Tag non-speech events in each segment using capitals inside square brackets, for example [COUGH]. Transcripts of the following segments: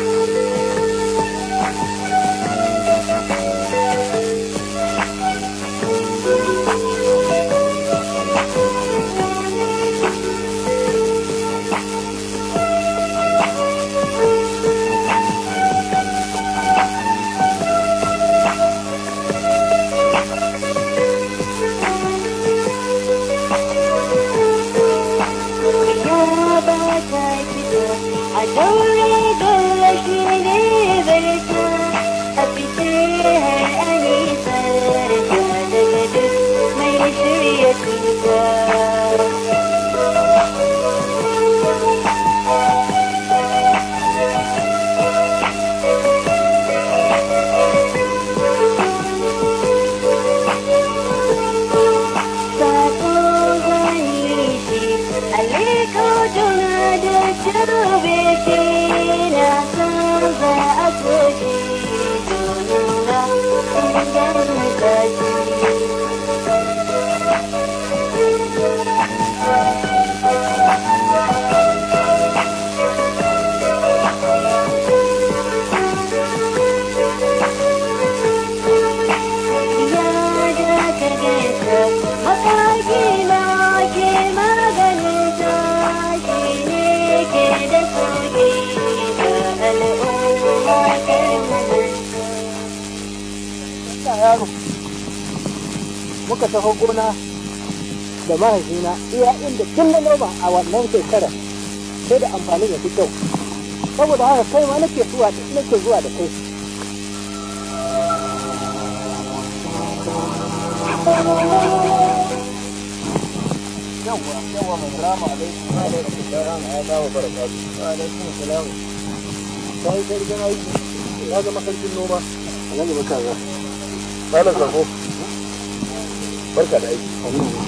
Música wannan shekara sai da amfani da fi kyau saboda haka kai ma nake zuwa nake zuwa da kai yawwa yawwa mai drama alaikum alaikum salam ya dawo barakatu alaikum salam sai sai gana yi ya zama sarkin noma a nan ne mutane ba na sako barka da aiki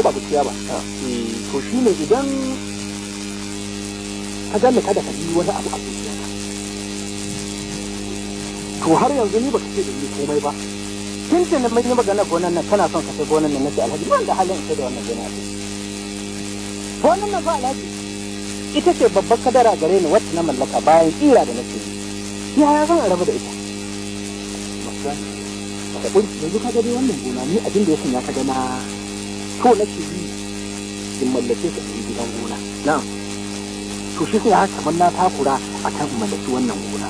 ko ba gaskiya ba ah. eh, to shi ne idan ka gane da ka yi wani abu a zuciya to har yanzu ni ba ka ce da ni komai ba tun da mai yi magana gonan nan kana son ka sai gonan nan nace alhaji ban da halin sai da wannan gona ce gonan nan ba alhaji ita ce babbar kadara gare ni wacce na mallaka bayan tsira da nake yi yaya zan rabu da ita yanzu ka gani wannan gona ni abin da ya sanya ka gana. na nake yi in mallake ka a gidan gona na'am to shi sai haka kamar na takura a kan mallaki wannan gona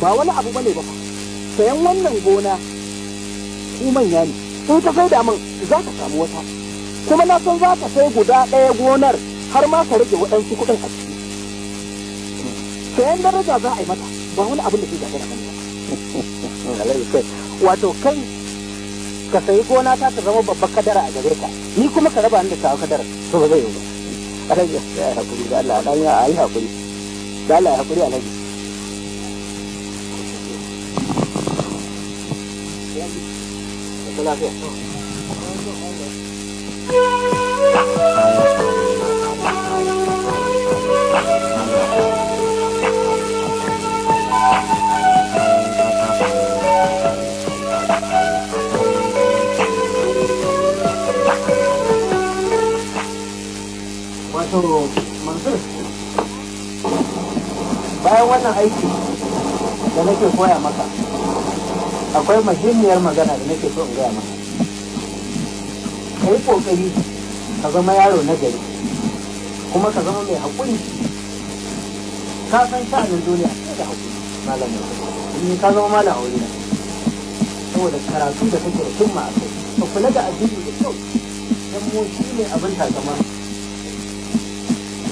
ba wani abu bane ba sayan wannan gona ku manya ne Sai ta sai da min za ka samu wata kuma na san za ka sai guda ɗaya gonar har ma ka rage waɗansu kuɗin a ciki sayan daraja za a yi mata ba wani abin da ke da ba [LAUGHS] wato kai ka sayi gona ta ta zama babbar kadara a gare ka ni kuma ka raba ni da tawa kadara to ba zai yi ba alhaji ya hakuri da Allah dan ya yi hakuri da Allah ya hakuri alhaji Thank you. bayan wannan aiki da nake koya maka akwai muhimmiyar magana da nake so in gaya maka ka yi ƙoƙari ka zama yaro na gari kuma ka zama mai haƙuri ka san sha'anin duniya sai da haƙuri malamin in ka zama malam aure na saboda karatu da kake da himma a kai ka kula da addini da kyau dan mu shi ne abin takama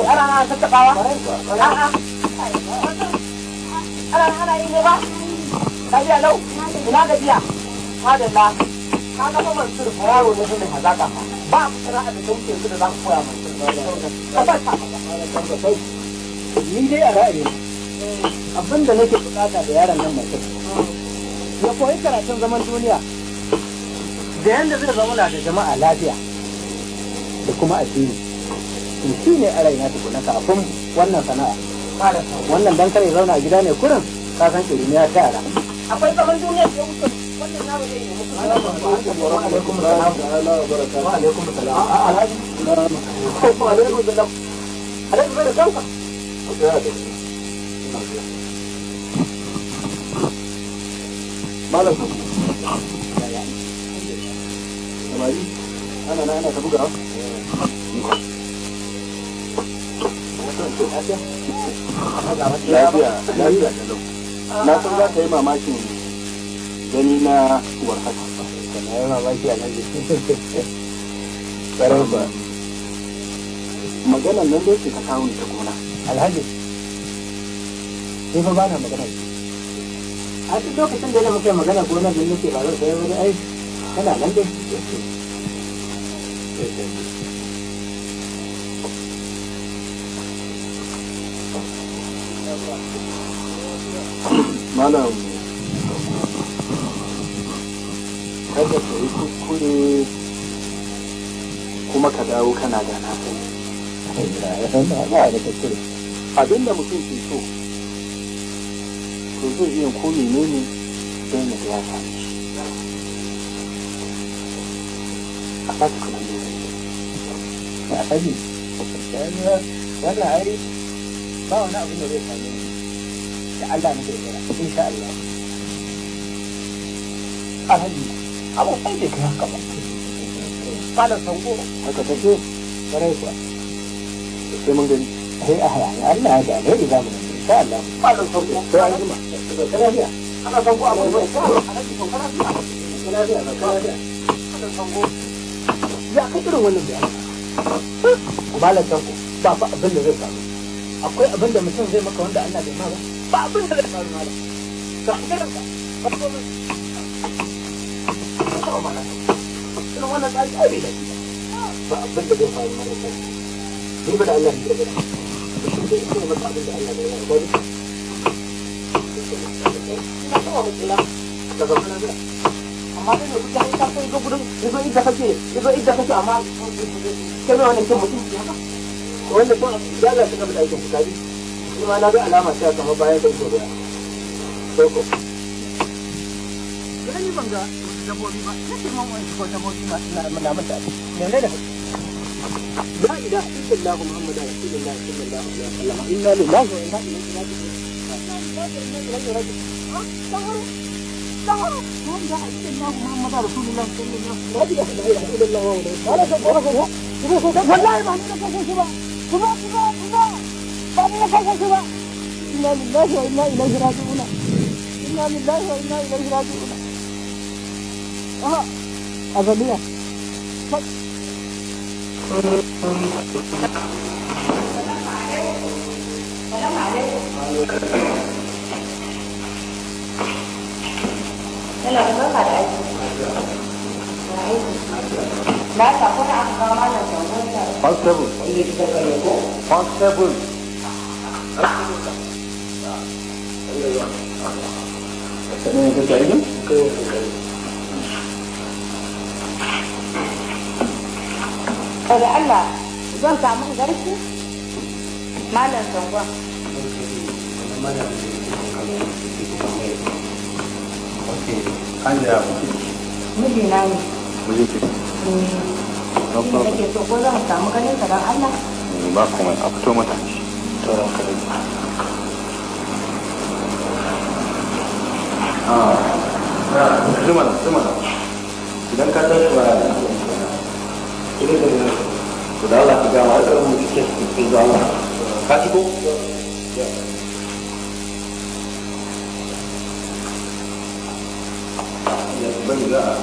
ana ana tattafawa a'a ana lau ina gajiya yaro da hazaka ba mu da za koya ni dai a ra'ayi abin da nake bukata da yaron nan mutum ya koyi karatun zaman duniya da yanda zai zauna da jama'a lafiya da kuma addini to shi ne a raina tukuna kafin wannan sana'a wannan dan kare zauna a gida ne kurin ka san rumiya ta yara akwai zaman duniya ke wuce wannan yaro zai yi muku alaikum salam alaikum salam alaikum salam alaikum bai da kanka malam samari na san za ta yi mamakin gani na warhaka na yi nan tsarar ba ka kawo ta gona alhaji fa ba na magana a lokacin da yana muke magana gona da nake ba zai wani ai kana nan dai eh, eh. malam kada ka yi kuskure kuma ka dawo kana da na abin da mutum ke so to zai iya ko ne don ya ya a ne a ba wani abin da zai same ni da Allah na dogara insha Allah alhaji abu sai ba kala sango haka take kuwa sai mun gani sai a Allah ya da ne da Allah kala sango sai an ana sango a mai alhaji sango lafiya ya kai irin wannan ba abin da zai faru akwai abin da mutum zai maka wanda Allah bai ma ba ba abin da zai faru ma ba ka hankalar ka ba komai ka ba mana irin wannan ka ai bai da ba abin da zai faru ma da ni ba da Allah ne ba ne maka abin da Allah bai ma ba ba ina kawo mutsila da zama na zira amma dai mutum ya yi kasuwa ido gudun ido idda kake ido idda kake amma kai wani kyan mutum ya ba wanda kuma yalla suka bi aikin fitari ma na ga alama ta kama bayan da ido daya soko gani ban ga dabbobi ba kace man wani ko dabbobi ma suna mana mata ne ne da la ilaha illallah muhammadu rasulullah inna lillahi wa inna ilaihi raji'un والله ما عندنا كذا كبار كبار كبار تعمل حاجة كبار إنا لله وإنا إليه راجعون إنا لله وإنا إليه راجعون أها أبدية سلام عليكم سلام عليكم هلا وسهلا عليكم وعليكم السلام Constable. Constable. Kada Allah zan samu garki? Malam Sangwa. Ok, an da Mijina ne. Mijina da ke so ko zan samu ganin Allah ba komai a fito da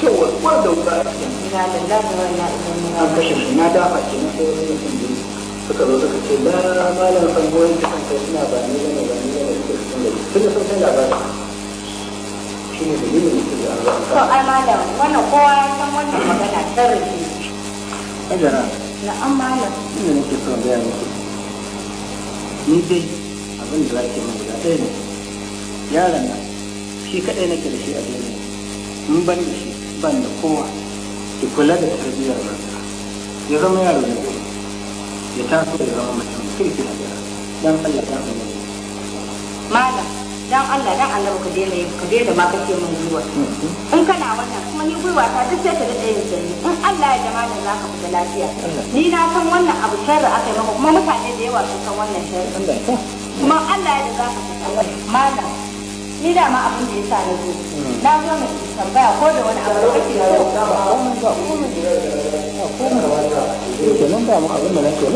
cewa uwar da wuka ina lillahi wa ina kashe shi na dafa ke na sai wani mutum biyu suka zo suka ce da malam sangoyin ta kai suna ba ni ne ba ni ne suka cikin da sun ne sun labarin shi ne da yin mutum da an to ai malam wannan kowa ya san wannan magana ta rike ajara na an malam ina nake son gaya muku ni dai abin da za ki mun guda ɗaya ne yaron nan shi kaɗai nake da shi a duniya mun ban da shi ban da kowa ki kula da tarbiyyar ranka ya zama yaro da kowa ya taso da zama mutum kirki na gara dan Allah dan Allah malam dan Allah dan Allah ka daina yin ka daina ma kake min gwiwa in kana wannan kuma ni gwiwa ta duk sai ta da yin in Allah ya jama da zaka fita lafiya ni na san wannan abu sharri aka yi maka kuma mutane da yawa sun san wannan sharri kuma Allah ya da zaka fita malam ni da ma abin da ya sa na zo na zo na tambaya ko da wani abu kake da yau ba komai ba komai ba komai ba ke nan da mu abin da nake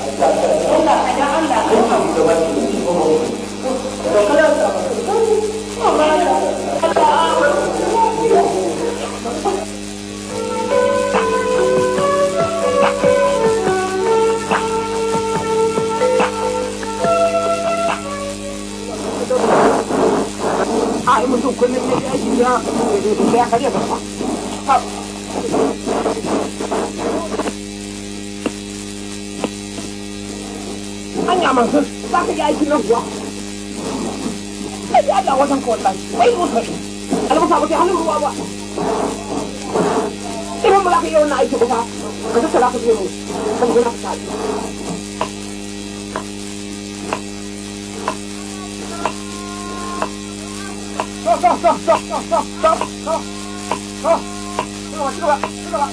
Allah ka da Allah ka mu gaba ki ko ko kala ta ba ko ba منذ كل من أجلها داخل يفرح an ya masu za ka yi aiki na kuwa sai ya da wajen kawai bai bai mutu ne almusa ba ta hannun ruwa ba idan ba za ka yi wannan aiki ba ka tattara ka je mu kan gina ka tafi 走走走走走走走，这个了这个了。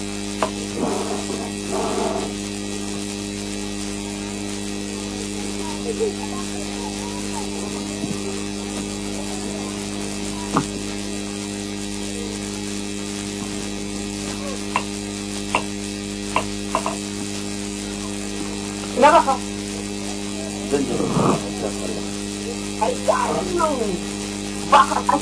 嘿嘿嘿。哪个好？真的，好。哎呀，你。不好。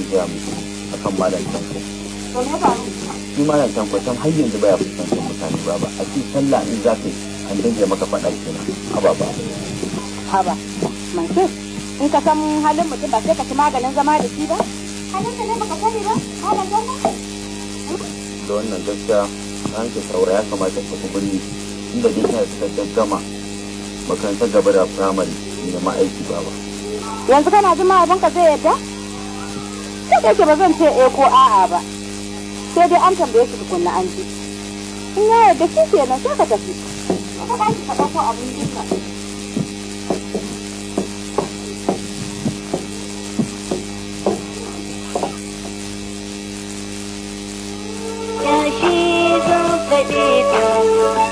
yawan mutu a kan malam tanko shi malam tanko can har yanzu baya fuskantar mutane ba ba a cikin sallah in za ka yi an dinga maka faɗa kenan ababa haba mansur in ka san halin mutum ba sai ka ci maganin zama da shi ba halin ka ne baka sani ba malam tanko da wannan gaskiya an ce saura ya kamata ka ku birni inda dai kana cikakken gama makarantar gaba da firamare ne ma'aiki ba ba yanzu kana jin abin ka zai yadda da yake ba zan ce eh ko a'a ba sai dai an tambaye shi tukunna an ji in ya yarda shi kenan sai ka tafi ka ba shi ka ɗauko abincin ka Yeah, she's a baby.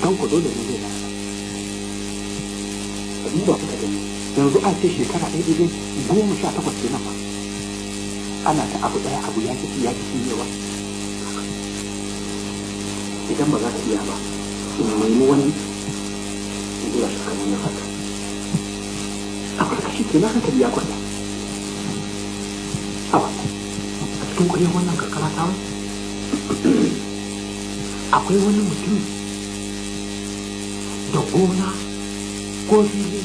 don ku dole ne zai ka duba kuka gani yanzu a ce shekara ɗaya ɗaya goma sha takwas ke nan ba ana ta abu ɗaya abu ya idan ba za ka iya ba in wani a ke a cikin akwai wani mutum da gona ko fili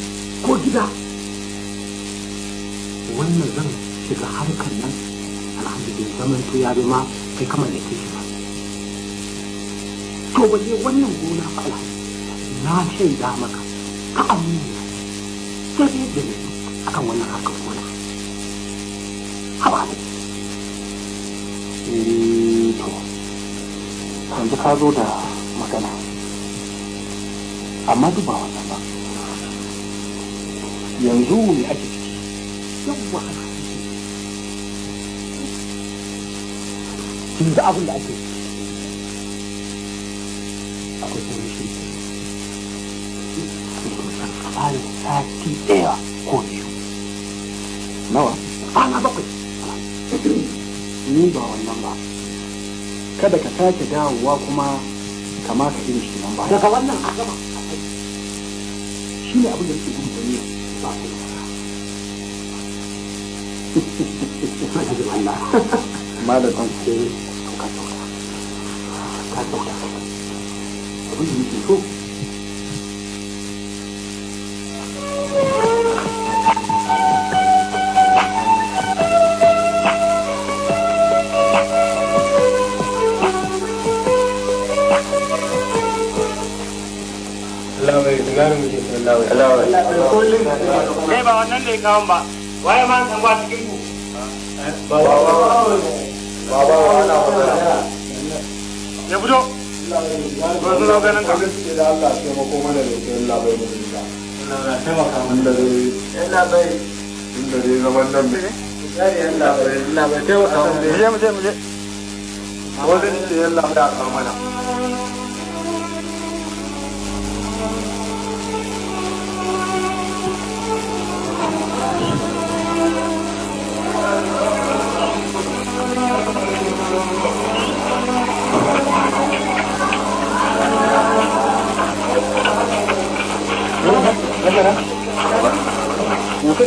ko gida wannan zan shiga harkar nan alhamdulillah zaman to ya ma kai kamar da ke ba to wannan gona ba na da maka ka amina yi da ne kan wannan harkar gona haba ne eh, to yanzu ka zo da amma duk ba wannan ba yanzu ne ake ciki yawwa kin ga abin da ake akwai kuma shi tsari sati ɗaya ko biyu nawa kwana bakwai ni ba wannan ba kada ka sake dawowa kuma kama ka iri shi nan ba daga wannan a gaba 你也不用激动，你傻逼！哈哈哈哈，就完蛋！哈哈，妈的，他妈的，看懂了，看懂了，我有技术。kai ba wannan ne kawon ba waye ma san ba cikin ku ba ba ba ba wannan ya fito ba su zo ganin kamar suke da Allah sai mako mana da ke Allah bai mu dinka inda dai Allah bai inda dai zaman nan ne Allah bai Allah bai taimaka mu je mu je mu je ko Allah mana Dobra. Muszę.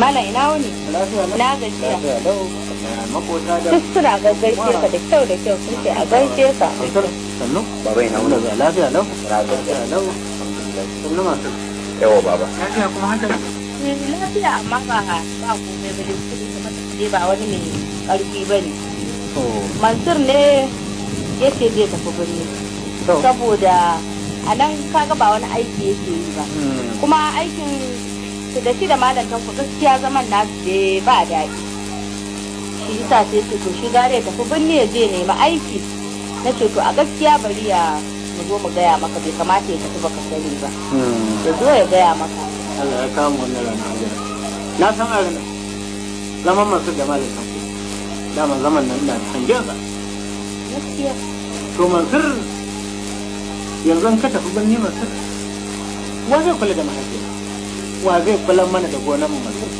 Mana ina wani? Na gajiya. Sistira ga gaishe ka da kyau da kyau sun ce a gaishe ka. sannu baba ina wuni ga lafiya lau lafiya lau sannu masu yawa baba lafiya kuma haka lafiya amma ba ba komai ba ne kuma ne ba wani mai karfi ba ne mansur ne ya ce zai tafi birni saboda a nan kaga ba wani aiki yake yi ba kuma aikin su da shi da malam gaskiya zaman nasu da ba daɗi shi yasa sai su shi tafi birni ya je nema aiki na ce to a gaskiya bari ya zo mu gaya maka bai kamata ya tafi baka sani ba hmm. ya zo ya gaya maka Allah ya kawo wannan rana na san a rana zaman masu da malin kanku dama zaman nan da san sa gaskiya to mansur yanzu ka tafi birni mansur wa zai kula da mahaifiya wa zai kula mana da gonar mu mansur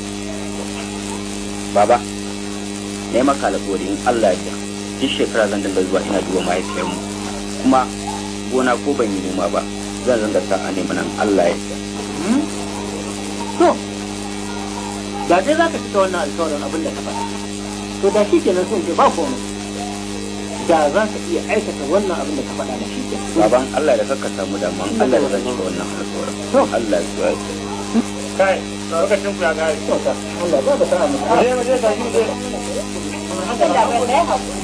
baba ne maka alƙawari Allah ya duk shekara zan dinga zuwa ina duba mahaifiyarmu kuma gona ko ban yi noma ba zan zanga sa a ne nan Allah ya hmm? to da dai za ka cika wannan alkawarin abin da ka faɗa to da shi kenan sun ce ba komai da za ka iya aikata wannan abin da ka faɗa da shi kenan baban Allah da kakka samu damuwan Allah ya zan wannan alkawarin to Allah ya zuwa ce. kai lokacin ku ya gari to Allah ba ka samu mu je mu je ta shi mu je Allah ba dai hakuri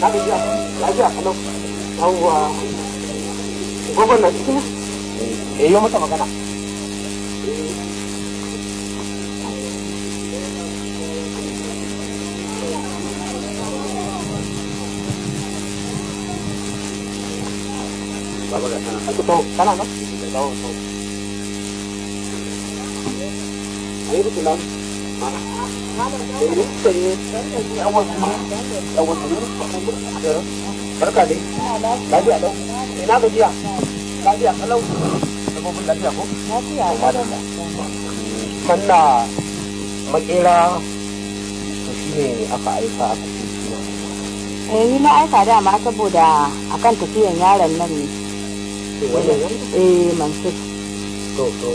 na da jiya lafiya na cikin eh yi mata magana Baba ga sana. Aku tahu, sana nak? Tahu, tahu. Ayo pulang. Mana? barka dai lafiya ina gajiya lafiya kalau sabobin lafiya ko lafiya makera to shine aka aika aka ce eh ni na aika dama saboda akan tafiyan yaron nan ne eh mansu to to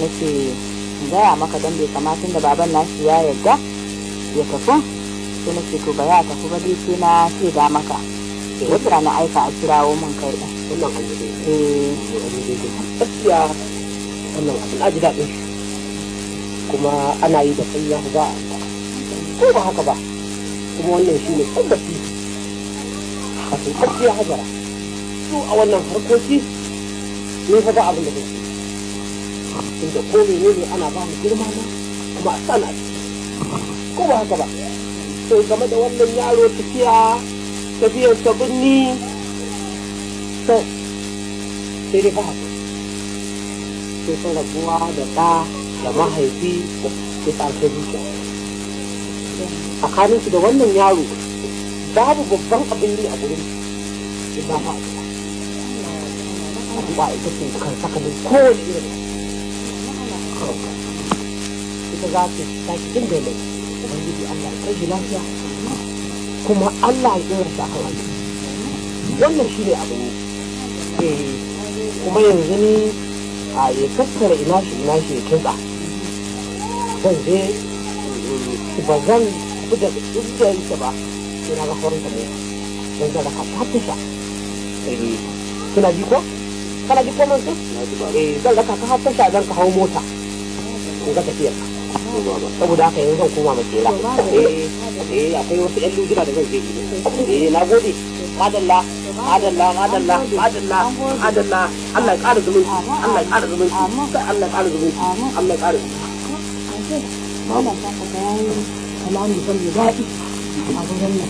nake gaya maka don bai kamata da baban nashi ya yarda ya tafi sai nake to ba ya tafi ba dai sai na ce da maka sai wata rana aika a kirawo min kai din eh. gaskiya wannan abin aji daɗin kuma ana yi da kai ya ba ko ba haka ba kuma wannan shi ne tabbaci a sun hajara su a wannan harkoki ne fa ba abin da kake da ko ne ana ba mu girma na kuma a sana ko ba haka ba to game da wannan yaro tafiya tafiyar ta birni to sai dai ba haka sai sun rabuwa da ɗa da mahaifi da ke ta zuciya a kanin da wannan yaro babu babban abin yi a gurin ba ba a ita ce kan sakalin kowace irin da za ta ta cikin da lai ubangiji Allah ya kai lafiya kuma Allah ya kira ta hawa wannan shi ne abu ne. Eh, kuma yanzu ni a ya kakkara ina shi ina shi ya kinsa zan je mm, ba zan fita da tsirkiyarsa ba Ina ga horon ta ne zan zara ka ta tasha eh, kina ji ko kana ji ko mun sai eh zan raka ka har sha, zan ka hau mota in ga tafiyar ka saboda haka yanzu zan koma makera eh, eh akwai wasu yan lujira da zan je eh na gode madalla madalla madalla madalla madalla Allah ya ƙara zumunci Allah ya ƙara zumunci Allah ya ƙara zumunci Allah ya ƙara zumunci mama ta ka yayi kalamu san da daɗi a gurin nan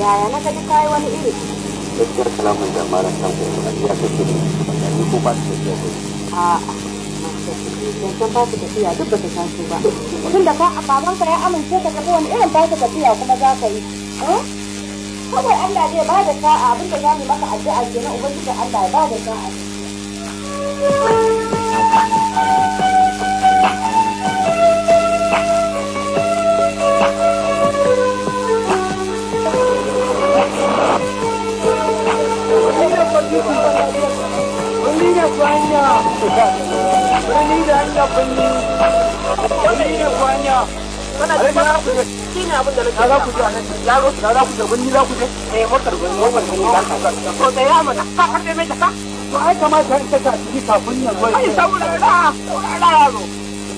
yaya na ga duka kai wani iri gaskiya kalamun da mara san ko ya kake ko ba su da kyau zancen ba su tafiya duk ba ta taso ba tun da ka babanka ya amince ka tafi wani irin ba ta tafiya kuma za ka yi eh? kawai Allah zai ba da sa'a abin da zamu mu maka addu'a kenan ubangiji Allah ya ba da sa'a kwanya birni da hanyar birni birni da kwanya kana da ba ku shi ne abin da nake za ku je a nan yaro da za ku je birni za ku je eh motar birni motar birni za ka to da ya mana ka karbe mai da ka to ai kamata in ta ta kafin ya zo ai saboda la la yaro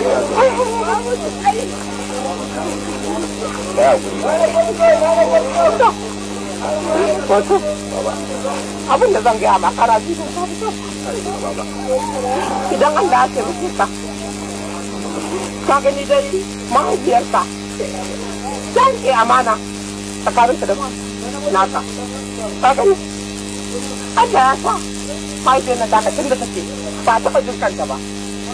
abin da zan gaya ma karatu da idan an da ake rufe ka ka gani dai mahaifiyarka Zan ke amana tsakaninka da naka ka gani Allah ya sa mahaifiyar na taka da take ba taɓa jin kanta ba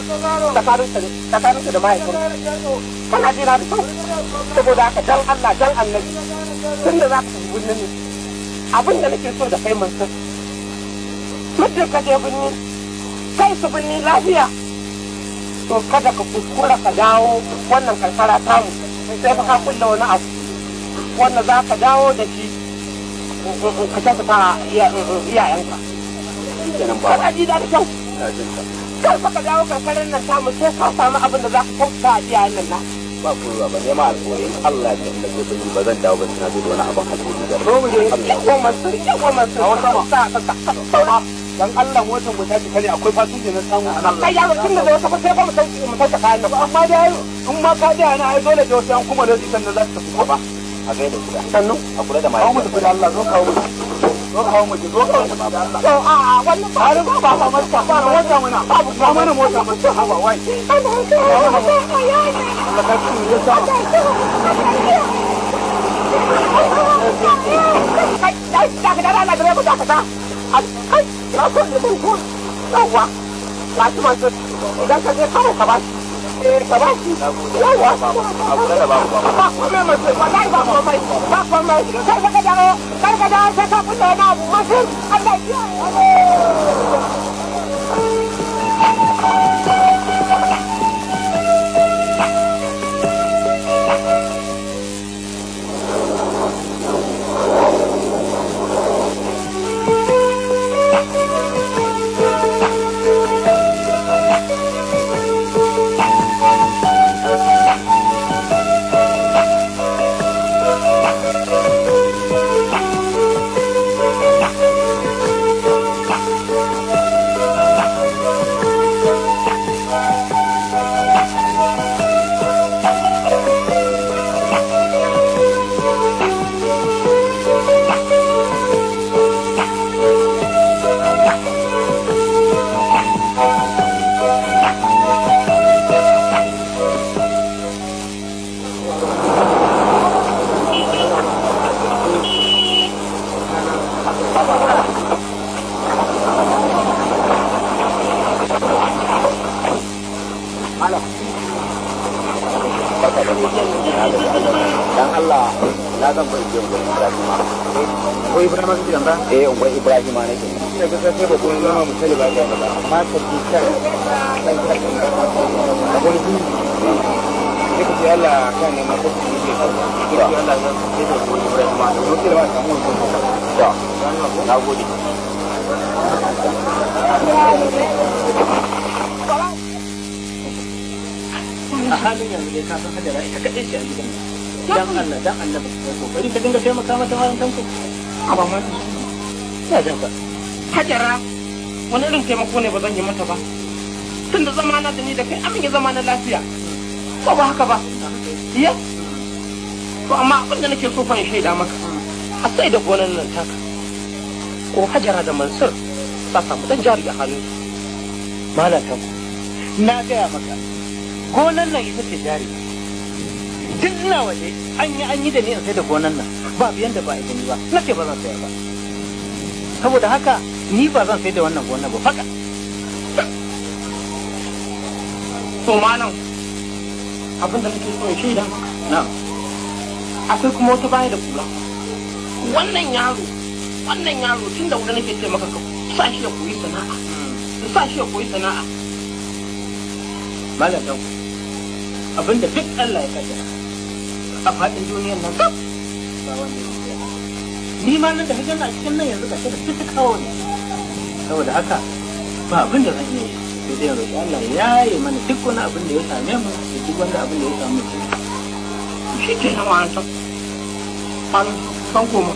tsakaninta tsakaninta da mahaifin kana jira da kyau saboda haka dan Allah dan annabi tun da za ka yi birnin abin da nake so da kai mansur muddin ka je birni kai su birni lafiya to kada ka kuskura ka dawo wannan karkara mu sai fa ka kulla wani abu wanda za ka dawo da shi ka kyautata iyayenka. Kana ji da kyau. kar fa ka dawo karkarar nan samu sai ka samu abin da za ka kauta a iyayen nan na ba kowa ba nema alƙawarin Allah ya tafi da ba zan dawo ba sai na da wani abin hakuri da ba mu je ko masu ko masu a wata sa ka dan Allah motar mu ta kare akwai ne na samu a nan kai yaro tun da wata ba sai ba mu sauki mu sauka kayan nan amma dai in ma ka da na ai dole da wasu an kuma da su sannan za su tafi ba a gaida sannan a kula da mai an da Allah zo kawo mu zo ka hawan waje ba mana mota ya kai da ko ka ta kai na ko yawa ba su ma idan ka je ka ba yi ba shi yawa a kula da babu babu ba kome mutum wallahi ba komai ba komai kar ka dawo kar ka dawo sai ka kulle na abu mashin Allah ya kiyaye barka dan Allah na zan Ibrahim ko Ibrahim eh Ibrahim ne ne ba ko zama mu tare ba amma ka ji ko ne ji Allah kan ne ma ko ku ji ka ji Allah zan da ko Ibrahim ma da roƙe ba ka mu ko na gode a halin yanzu dai ka san hajara ita kaɗai ce a gidan dan Allah dan Allah ba ka kokari ka dinga taimaka mata wajen tanko a ba ma ina jin ka hajara wani irin taimako ne ba zan yi mata ba tun da zamana da ni da kai amin ya zamana lafiya ko ba haka ba ya to amma abin da nake so fa in shaida maka a sai da gonan nan taka ko hajara da mansur ta samu dan jari a hannun malata na gaya maka gonan nan ita ce jari tun ina waje an yi an yi da ni in sai da gonan nan ba biyan da ba a gani ba na ce ba zan sayar ba saboda haka ni ba zan sai da wannan gonan ba faka to malam abin da nake so shi dan na akwai kuma wata baya da kula wannan yaro wannan yaro tun da wuri nake ce maka ka sa shi ya koyi sana'a hmm. sa shi ya koyi sana'a malam dan abinda duk Allah ya kaddara a faɗin duniyar nan kaf ba wanda ya ni ma nan da hajjar na cikin nan yanzu ka ce da duk kawo ne saboda haka ba abin da zan yi sai dai roƙi Allah ya yi mana duk wani abin da ya same mu da duk wani abin da ya same mu shi ke nan wani ta an san koma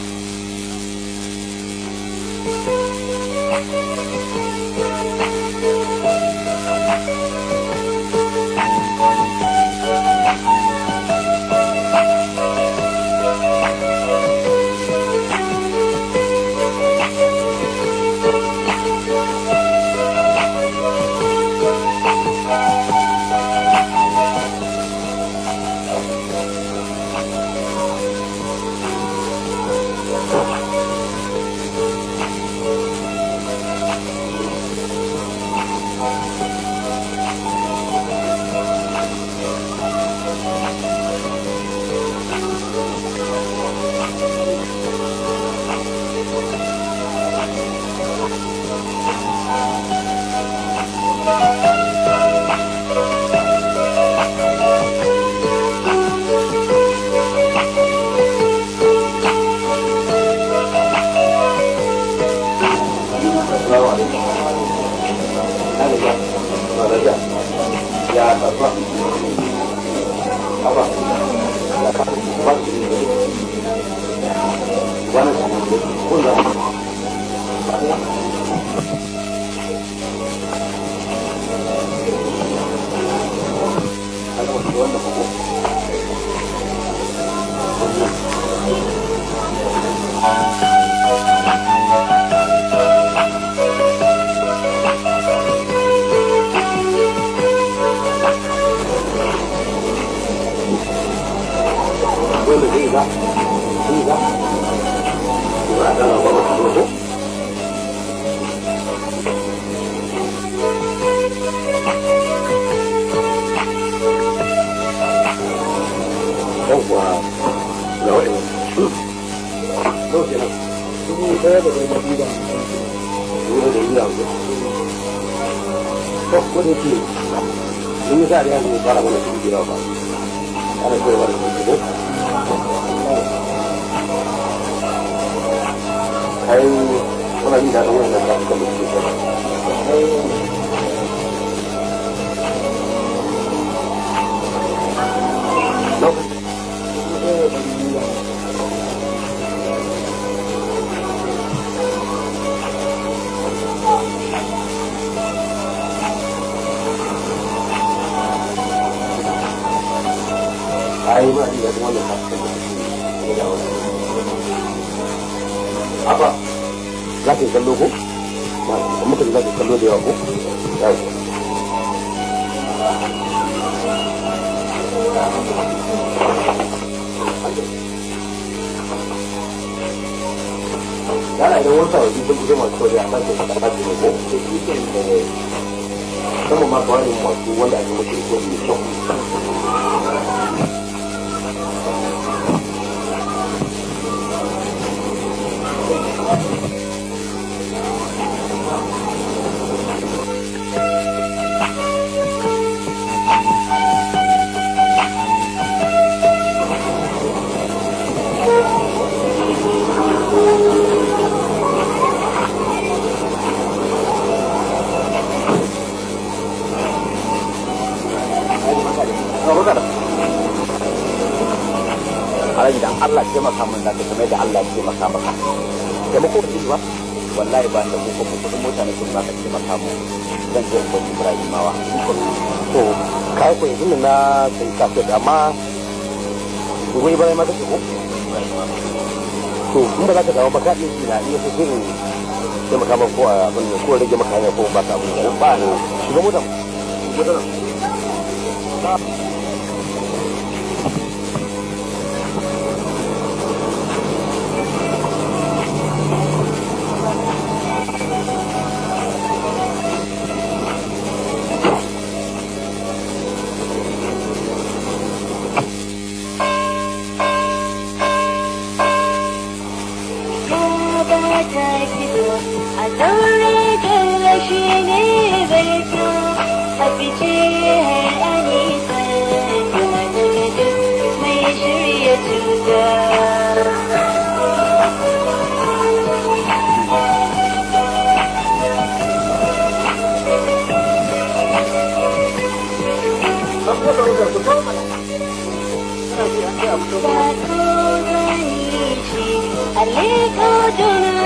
Mas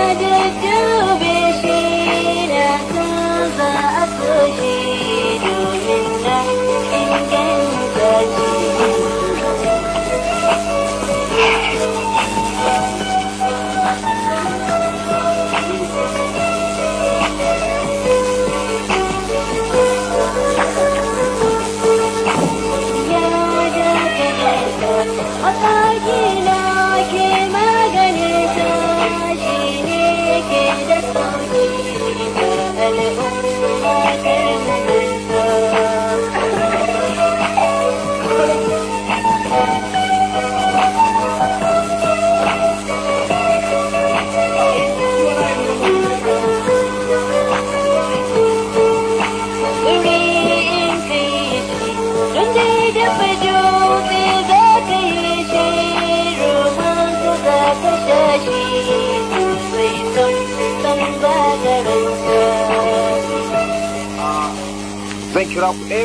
I did. da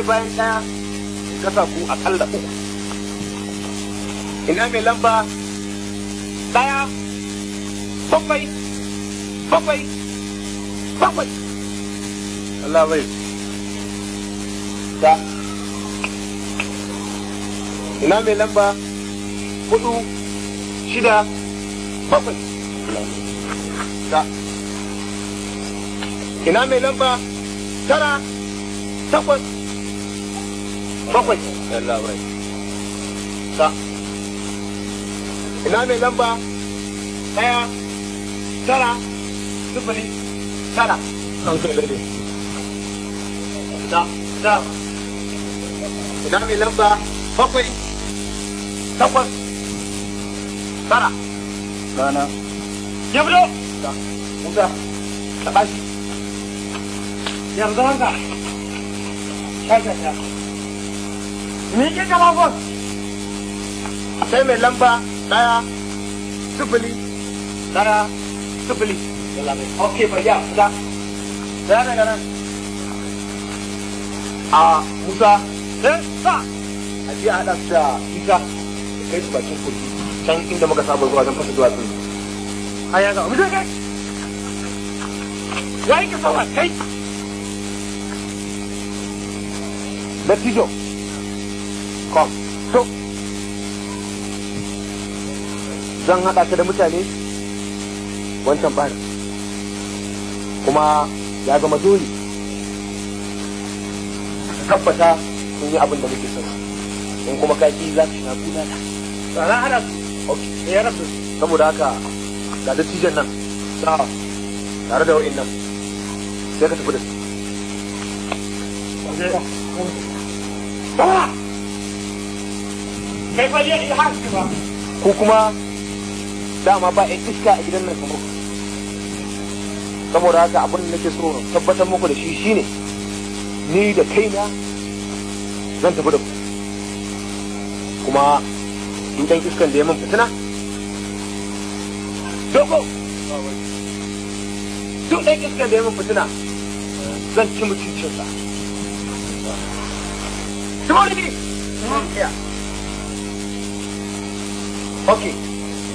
ɗaya bayan ɗaya in kasa ku a kalla uku ina mai lamba ɗaya bakwai bakwai bakwai Allah bai da ina mai lamba hudu shida bakwai da ina mai lamba tara takwas bakwai ta ina mai lamba daya tara sufuri tara an kai lade ta ta ina mai lamba bakwai takwas tara rana ya fito ta musa ta bashi yanzu haka sha sha ni ke gaba Saya melamba, saya lamba saya sifili daya sifili ok ya fita Saya daga kan. Ah musa eh sa ada sudah bisa. Kita itu baca isa da kai su bakin kogi can inda muka saba zuwa don fasa duwatsun a ya ga musa kai ya come so zan haɗa ta da mutane wancan bana kuma ya gama dole tabbata sun yi abin da muke son in kuma kaki za ka shiga gudana tsara hana su ok ya rabu saboda haka ga dattijan nan sa tare da wa'in nan sai ka tafi da su 走啊！kai fa ne ya haske ba ko kuma dama ba yan iska a gidan nan kuma saboda haka abin da nake so tabbatar muku da shi shine ni da kaina zan tafi da ku kuma dan iskan da ya min fitina doko duk dan iskan da ya min fitina zan ci mutuncinsa Come on, OK.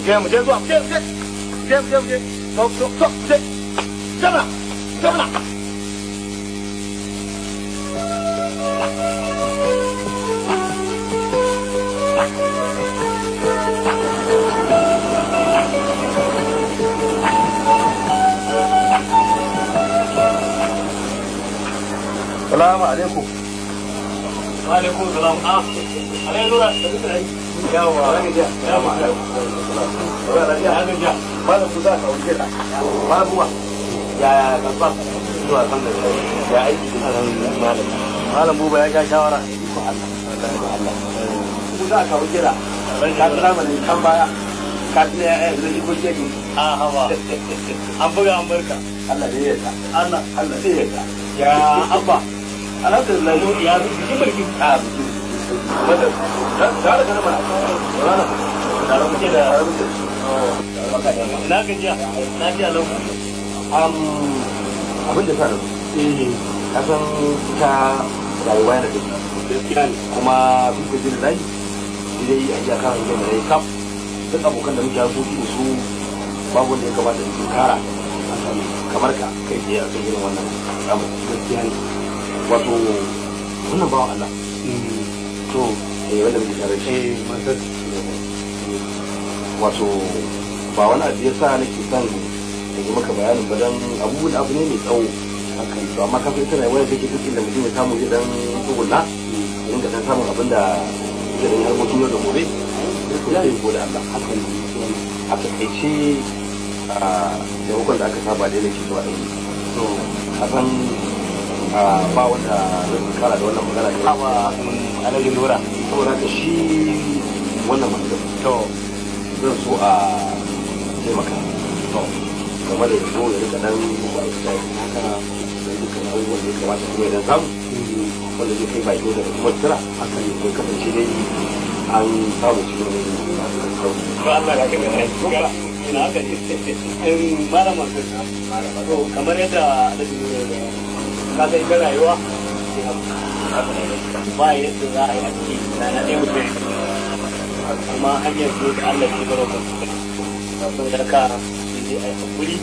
Viens, viens, viens, viens, viens, viens, viens. Donc, donc, donc, viens. Viens là, viens là. Salam alaikum. Wa alaikum salam. Ah, alaikum salam. yawa yawa malam ku za ka wuce da malam kuma ya ya ya ya da ya ya da malam malam buba ya sha shawara ko Allah ku za ka wuce da ka tsama ne kan baya ka tsaya ya yi ko ke a hawa an buga an barka Allah ne ya ta Allah Allah ne ya ta ya abba alhamdulillah ya abin da ta da ka san ta rayuwa yana da kuma duk da jin rai dai a iya kan da rai kaf duk abokan da muke harkoki da su babu wanda ya kamata da kara kamar ka kai ke a kan irin wannan abu gaskiya ne wato wannan bawa Allah to eh wanda muke tare eh, wato ba wani abu ya sa nake son da yi maka bayanin ba dan abubuwan abu ne mai tsawo haka to amma kafin ita na wani take duk inda mutum ya samu ya dan tsugunna ya dinga dan samun abin da ya dan harbo a yau da gobe ya yi gode Allah haka ne a takaice a taimakon da aka saba da yanayi zuwa ɗaya to a san ba wanda zai kara da wannan magana ne alhaji A saboda ka shi wannan mutum to zan so a taimaka to game da yanzu ya rika dan ba a cikin haka da duka abubuwan da ya kamata kuma idan samu wanda zai kai bai da kuma tsira haka ne ko kasance dai an samu cikin masu kasauri. Ba Allah ya kai mai ina haka in malama to kamar yadda ka san ita rayuwa baya yadda za a yi ake rana ɗaya mutum amma hanyar zo da Allah ke baro ba sau da ka sai a yi hakuri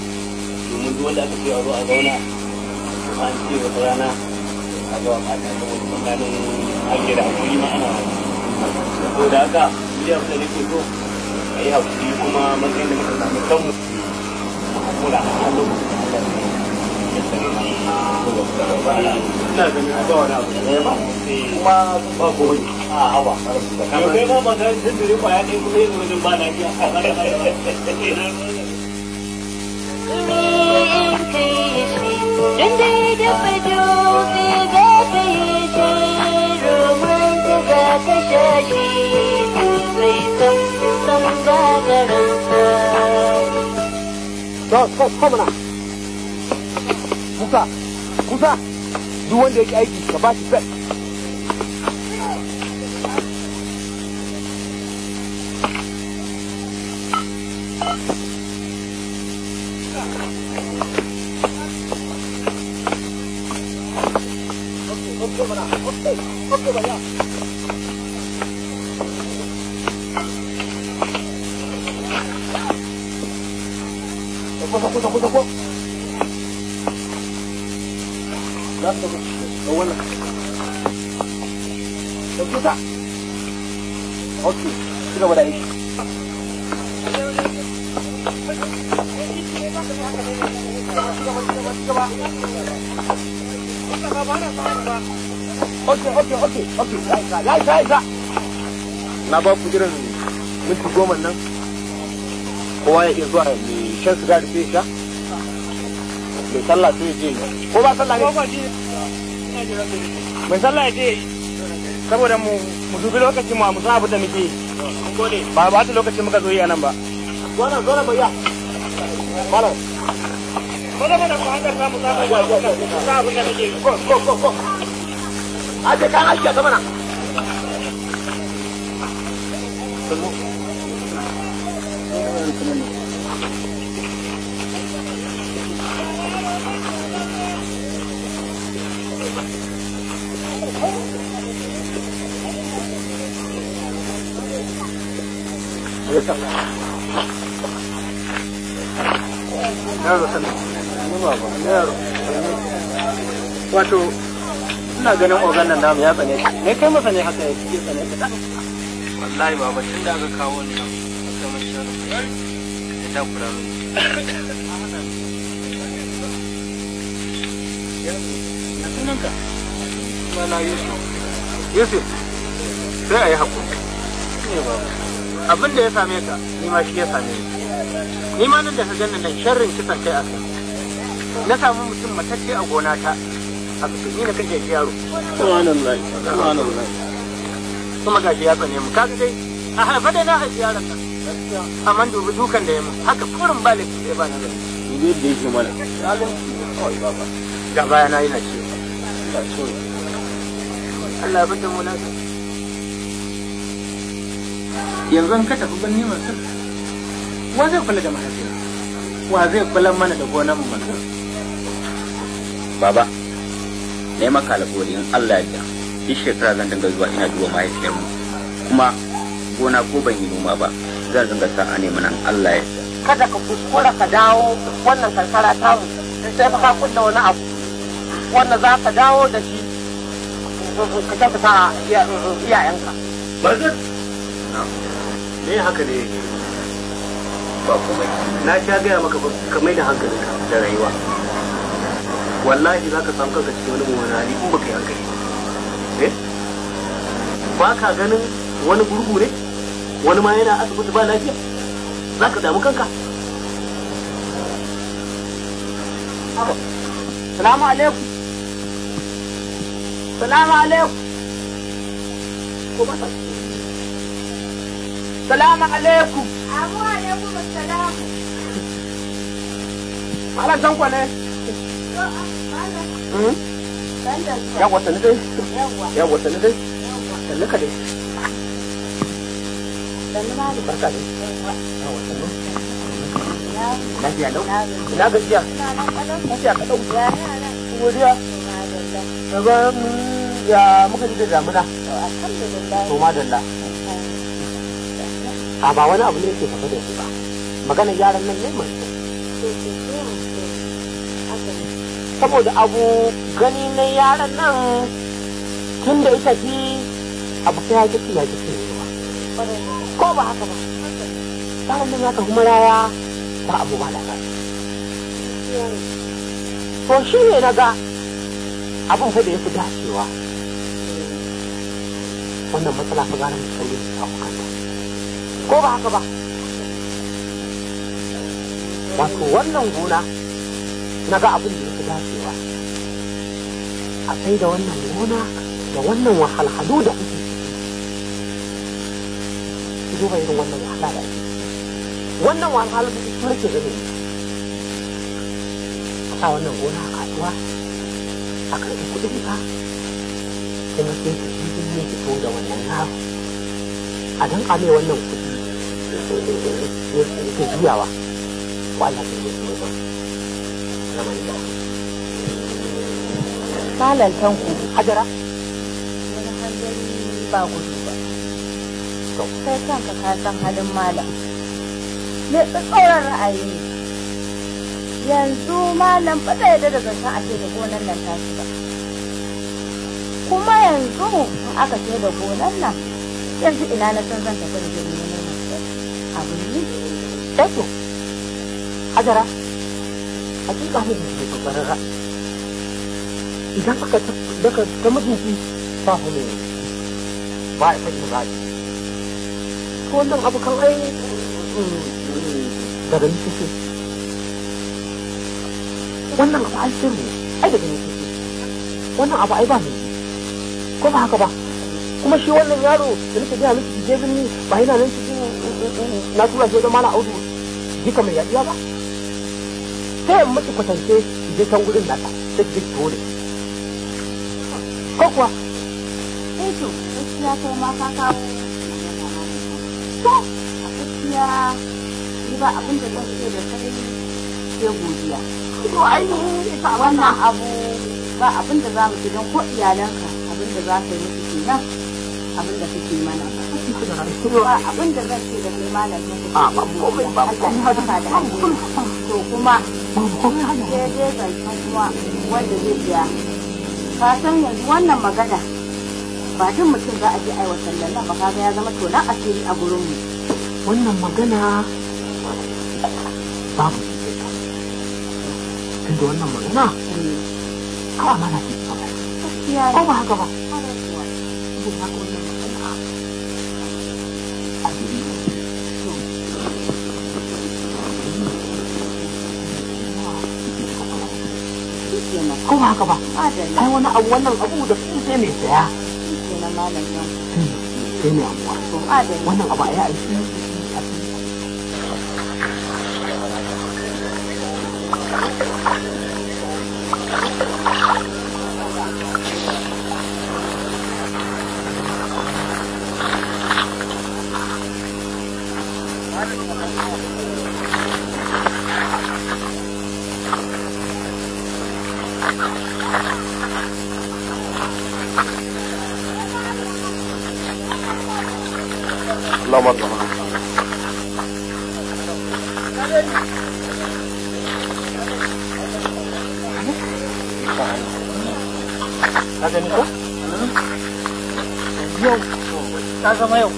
domin duk wanda aka ce a zo a zauna kuma an ce wata rana a zo a ɓata ta wani tsakanin hanyar hakuri ma ana so da haka duk abin da nake so a yi hakuri kuma matsayin da muka samu kanmu a hakura a lokacin da ya tsare mu. 再给你漂亮，对吧？什么 duk wanda yake aiki ka ba shi na ba ku irin minti goma nan kowa ya iya zuwa mai shan sai sha mai sallah sai ya je ko ba sallah ne mai sallah ya je saboda mu mu dubi lokacin mu a abu da muke ba ba ta lokacin muka zo yi nan ba zona zona bayya malam Mana mana ku samu da muke ko ko ko ko. Aje kan ajiya ta na. wato ina ganin ogan nan namu ya tsane ne kai masa ne haka ya tsane ka wallahi baba tun da aka kawo ni nan aka mai shanu ya takura Yusuf sai a yi haƙuri abin da ya same ka ni ma shi ya same ni ni ma nan da ka gani nan sharrin kisan kai aka na samu mutum matacce a ta a kasani na kake yaro subhanallah subhanallah kuma ga ya tsane mu kaga dai a haifa dai na haifi yaron nan amma dubi dukan da ya mun haka kurin ba laifi sai ba na ni ne da yake mana kawai baba ga baya na yana ciwo Allah ba ta mula ta yanzu ka tafi birni mansur wa zai kula da mahaifiya wa zai kula mana da gonan mu mansur baba ne maka alƙawarin Allah ya duk shekara zan dinga zuwa ina duba mu kuma gona ko ban yi noma ba zan dinga sa a nemi nan Allah ya kada ka kuskura ka dawo wannan karkara ta mu sai fa ka kunna wani abu wannan za ka dawo da shi ka ta iyayenka bazan me haka ne ba komai na sha gaya maka ka mai da hankalinka da rayuwa wallahi za ka samu kanka cikin wani mummunan hali in baka yi hankali ba ba ka ganin wani gurgu ne wani ma yana asibiti ba lafiya za ka damu kanka salamu alaikum salamu alaikum salamu alaikum abu alaikum salamu ala zanko ne hmm? yawwa sanidai yawwa sanidai sannu ka da barka gajiya ka godiya ka ya muka ji da damuna to a ba wani abu ne ke tafi da shi ba maganar yaran nan ne mai saboda abu gani na yaran nan tun da ita fi abu sai ya kici ya kici ko ba haka ba tsarin da zaka kuma raya ba abu ba lafiya to shi ne na ga abin fa da ya fi dacewa wannan matsala fa gane mutum ne ta bukata ko ba haka ba wato wannan gona na ga abin da ya fi dacewa a sai da wannan gona da wannan wahalhalu da kuke duba irin wannan wahala da ake wannan wahala da su nake gani a sa wannan gona a kasuwa a karɓi kuɗin ka sai na sai ji ne fito da wannan yaro a dan kame wannan kudi ne kuɗi ke juyawa wallahi ke yi ba zaman da malantan ku hajara wani hanzari ba gudu ka kai kanka ka san halin malam me tsatsauran ra'ayi yanzu malam ba zai da daga a ce da gonan nan tasu ba kuma yanzu in aka ce da gonan nan yanzu ina na san zan tafi da jirgin ne abin yi ɗato hajara a cikin ƙarin da ke kubarara idan aka ta mutunci ta hulun ba a sanya ba wannan abu kan ai mm, mm, daga ni suke wannan abu ai sirri ai daga suke wannan abu ai ba mu ko ba haka ba kuma shi wannan yaro da nake gaya miki je ba yana nan cikin mm, na tura shi zama na audu jika mai yaɗiya ba sai in miki kwatance ki je can gurin nata sai ki dole ko kuwa eh Thank you. to a gaskiya ni ba abin da zan ce da kai sai godiya to ai wannan abu ba abin da za mu ci don ko iyalanka abin da za ka yi musu nan abin da kake mana ba abin da zan ce da kai malamin ku ah, kuma ba komai ba komai to kuma sai dai zancen kuma wanda zai biya ka san yanzu wannan magana bakin mutum za a je aiwatar sallan nan ba kaga ya zama tona asiri a gurin mu wannan magana babu tunda wannan magana kawai mana ce ko ba haka ba ko ba haka ba ai wani abu wannan abu da su sai mai saya malam yau. Hmm. ne abuwa. Wannan abu a yi a ne. ka gani ko yau ta zama yau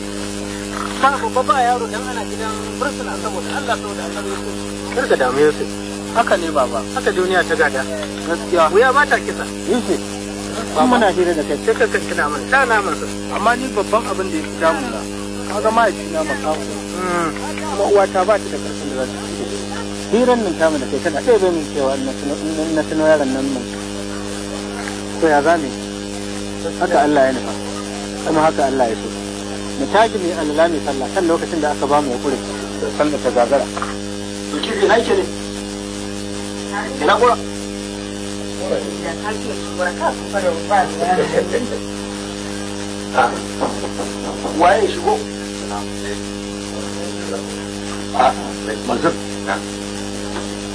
ba babba ba yaro dan ana gidan Allah saboda Allah ya kar ka dame su haka ne baba haka duniya ta gada gaskiya wuya ba ta kisa yusuf ba muna hira da kai sai ka kankina mun ta na mun amma ni babban abin da ya fi damu na kaga mahaifina makawo hmm. kuma uwata ba ta da karfin da za ta da min nan to ya zami haka Allah ya nufa kuma haka Allah ya so mu taji mu Allah mai sallah kan lokacin da aka ba mu yakuri sallar ta gagara to kifi nake ne ina kura waye shigo a manzur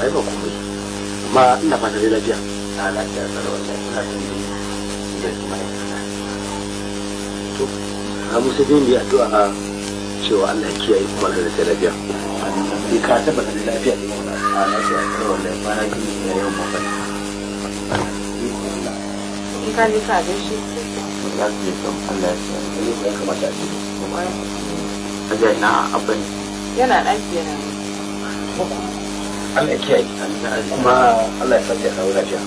ai ba komai amma ina fata dai lafiya a lafiya tsaro wallahi ina son dai da kuma to a musu a cewa Allah kiyaye kuma da rashin lafiya ni ka tabbata da lafiya ne a lafiya tsaro wallahi kwana biyu ne yau mu fara in ka lika da shi za su yi kan Allah ya kiyaye ya kamata a ce ba ya na abin yana ɗaki yana Allah ya kiyaye kuma Allah ya sake kawo lafiya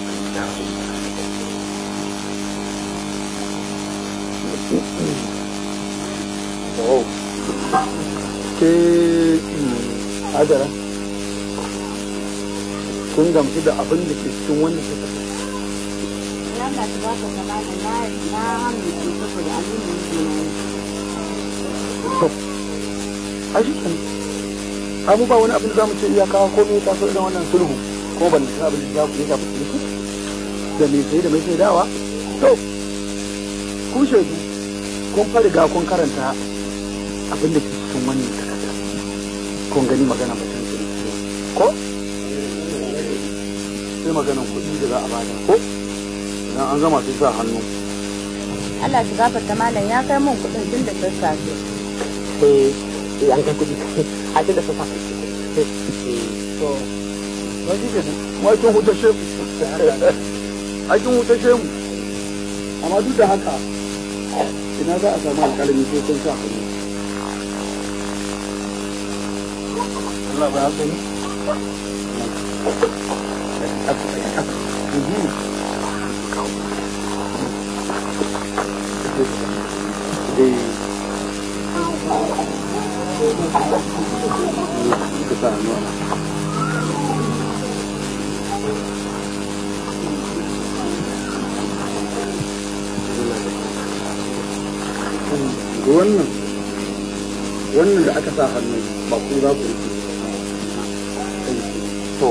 ke hmm, adara kun gamsu da abin da ke cikin tafi ta na abin da ai mu ba wani abin da mu ce iyaka ko me ta so idan wannan sulhu ko ban san abin da za ku yi ta fuskanta da me sai da mai sai dawa to ku shaidu kun fara ga kun karanta abin da ke cikin wannan takarda kun gani magana ba san ko sai maganan kuɗi da za a bada ko idan an gama sai sa hannu Allah shi gafarta malam ya kai mun kuɗin tun da sassafe. Eh, eh an kai kuɗi. a ce da su fasa to wani ke wai kin huta shemu ai kin huta shemu amma duk da haka ina za a samu alƙalami ko kun sa hannu Allah ba su ne Thank suka ga wannan wannan da aka sa hannu ba ku za ku rike to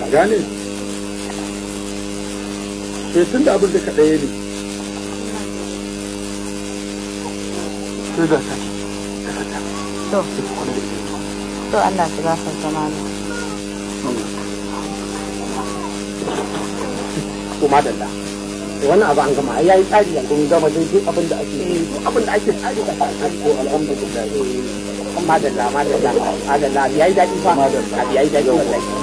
ka gane? sai eh, tun da abin da ka ɗaya ne sai ga ta to to Allah ya gafarta mana to madalla wannan abu an gama ya yayi tsari yanzu mun gama dai duk abin da ake duk abin da ake tsari da tsari ko alhamdulillah ma madalla ma ya yi daɗi fa madalla ya yayi daɗi wallahi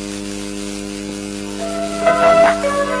Thank you.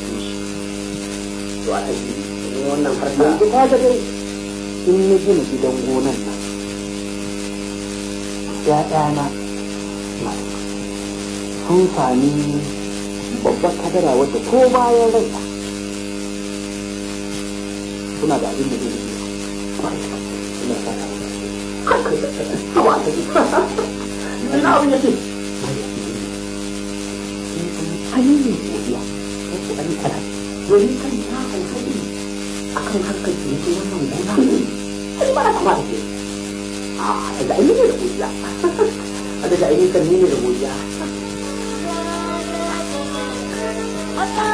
to a tafi wannan harka yanzu ka ga dai in na gina gidan gonan nan ya'yana sun sami babbar kadara wadda ko bayan ranta suna da abin da zai yi suna sa ta ina abin yake ne godiya domin kan ta hankali a kan harkar da yake wannan gona ai ba kama da ke a daga ainihin da godiya a da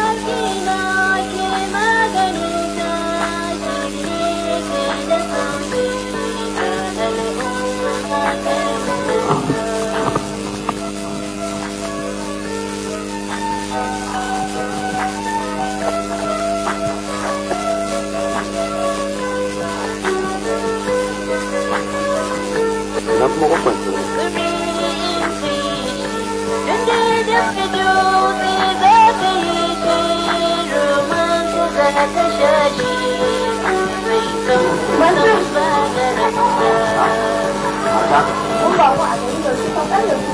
na ke maganin ta, da sauki. [LAUGHS] 我们做的是什么？啊，啥？我把我儿子送到派出所。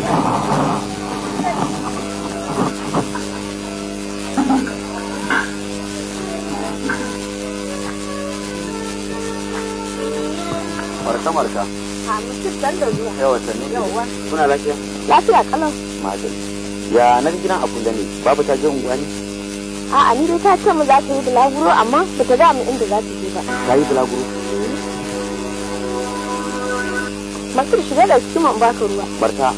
什么？什么？Yawa sannu. Yawa. Kuna lafiya? Lafiya kalau. Madal. Ya na gidan a ne, babu ta je unguwa ne? A'a ni dai ta ce mu za ta yi bulaguro amma ba ta gaya mu inda za ta je ba. Ta yi bulaguro? Masir shiga da su man baka ruwa. marta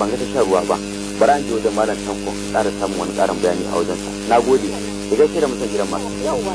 ban ga ta shan ruwa ba. Bara an je wajen malam Tanko ƙara samun wani ƙarin bayani a wajensa. Na gode. Ki gaishe da mutan gidan ma. Yawa.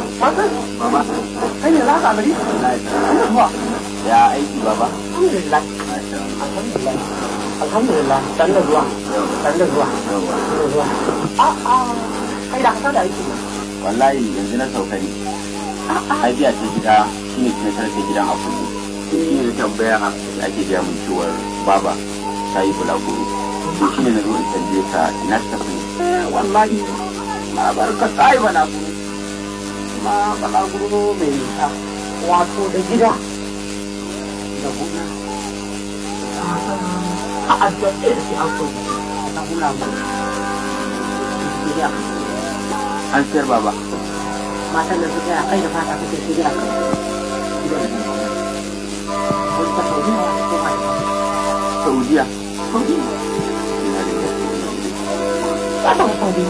Matar? Baba. Kai ne za ka gari? Ina zuwa. Ya aiki baba. Alhamdulillah. Alhamdulillah. Alhamdulillah. Dan da zuwa. Dan da zuwa. Dan da zuwa. A a kai da ka da aiki. Wallahi yanzu na saukari. Ai biya ta gida shine ki na sarki gidan a kullum. Shi ne tambaya da ake gaya mun cewar baba ta yi bulaguro. To shi ne na zo in tambaye ka ina ta fi. Eh, wallahi na barka ta yi ku. ma kala guru mai ta wato da gida da gona a addu'a da ke aso ta kula mu an siyar baba matan da suka yi kai da fata kuke shiga Saudiya. Saudiya. Saudiya. Saudiya.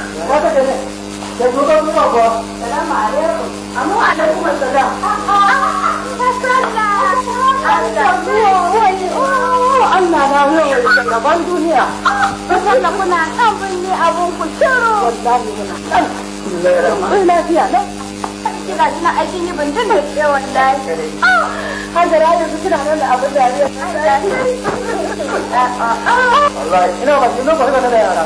Wata da ne, da duka kuma ko. Salamu alaikum. Amma wa alaikum assalam. Allah na wuya wa gaban duniya. Kusan da kuna kan binne abun ku shiru. Wallahi muna kan. Bismillahirrahmanirrahim. Lafiya ne. Kina kina aikin yi bindin da ce wallahi. Hajara da su suna nan da abin dariya. Wallahi ina ba shi nan da yara.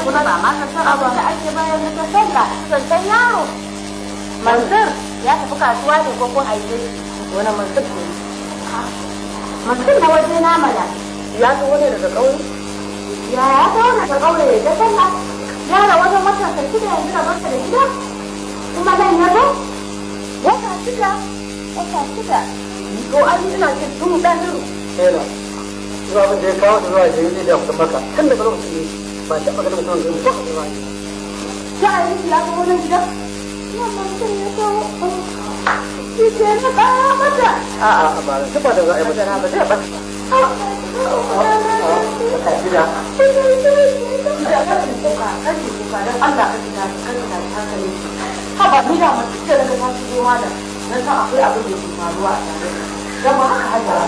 kuma ba ma ka san da ake bayan na ta sallah zancen yaro mansur ya tafi ah. a ne ko ko haife wani mansur ne mansur na waje na mana ya ta wani daga ƙauye ya ya ta wani daga ƙauye ne ta sallah yara wajen wata sarki da yanzu na barka da gida kuma nan ya zo wata shida wata shida to an yi ina ce duhu ɗan duru. Ina, zuwa abin da ya kawo da yi da ya fita maka, ba ta ɓagar mutum zai ko a ba ya a yi ya ga wani gida wannan mutum ya kawo shi ke na kawo mata a a ba ta tuba ta. za a yi mata na ba zai ba Haba ni da masu ce daga ta shigo mana na san akwai abin da ke faruwa a tare. Yamma haka hanyar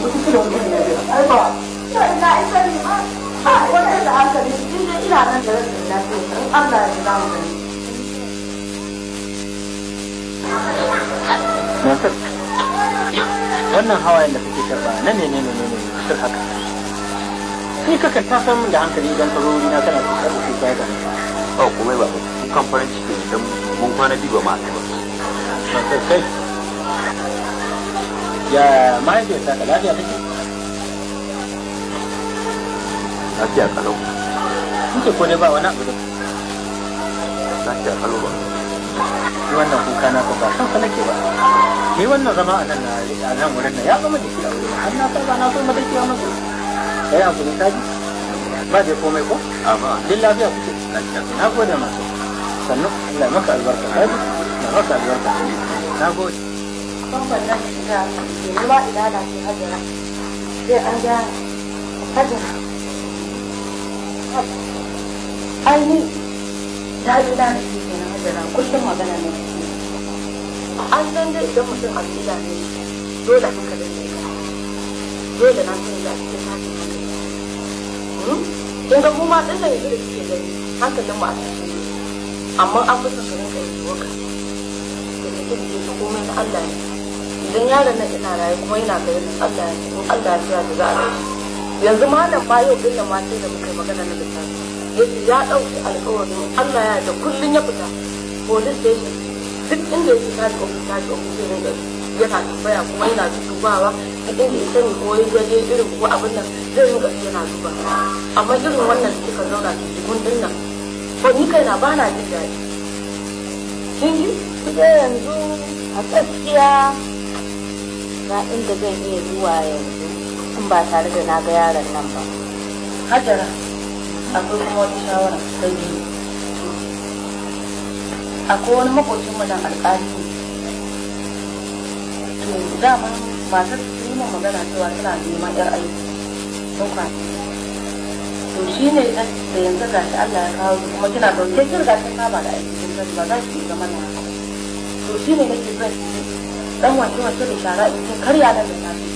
mutu da mutum ne. Ai ba. Yau ina isa ne ma. wata da hankali inda ina nan da rashin lafiya in Allah ya za mu gani. wannan hawayen da kake karba na menene ne ne ne ne sir haka ni kakan ta san min da hankali idan ka zo wuri na kana tsakar da kai ga ba komai ba kan farin ciki idan mun kwana biyu ba ma kai ba kai ya ta ka lafiya take lafiya kalau kuke ko dai ba wani abu da lafiya kalau ba ni wannan kuka na kuka kan fa nake ba ni wannan zama a nan a nan wurin nan ya zama da shi a wurin har na farba na so mata kiwa masa kai an kuma taji ba dai komai ko a ba din lafiya kuke lafiya na gode masa sannu Allah maka albarka kai na maka albarka na gode kan ban nan da ruwa ina da hajjara sai an ga hajjara ai ni da ji ke na hajjara kullum magana ne an san dai idan mutum a gida ne dole haka da shi dole na san da shi ta ji hmm? kun ga kuma din da yanzu da kike gani hankalin mu a cikin amma an fi son rinka yi waka da mutum ke ta komai na Allah ne idan yaron nan ina raye kuma yana gari Allah ne Allah ya tsaya da za a gaishe yanzu malam ba yau din nan ma da muka magana na bisa yace ya dauki alƙawarin Allah ya da kullun ya fita police station duk inda yake ta da ofis ta da ofis ne da yana tambaya kuma yana dubawa a inda ya sani ko ya je irin ko abin nan zai rinka yana duba amma irin wannan da suka zauna cikin din nan ko ni kaina ba na jin daɗi kin ji yanzu a gaskiya na inda zan iya zuwa yanzu in ba tare da na ga yaron nan ba hajara akwai kuma wata shawara ta biyu akwai wani makocin mu nan alƙali to daman matar su yi mun magana cewa tana neman ƴar aiki don kwanaki to shi ne da yanzu ga shi Allah ya kawo su kuma kina ɗauke kin ga kin kama da aiki kin ba za ki zama na to shi ne nake son dan wanke wanke da shara in kin karya nan da safe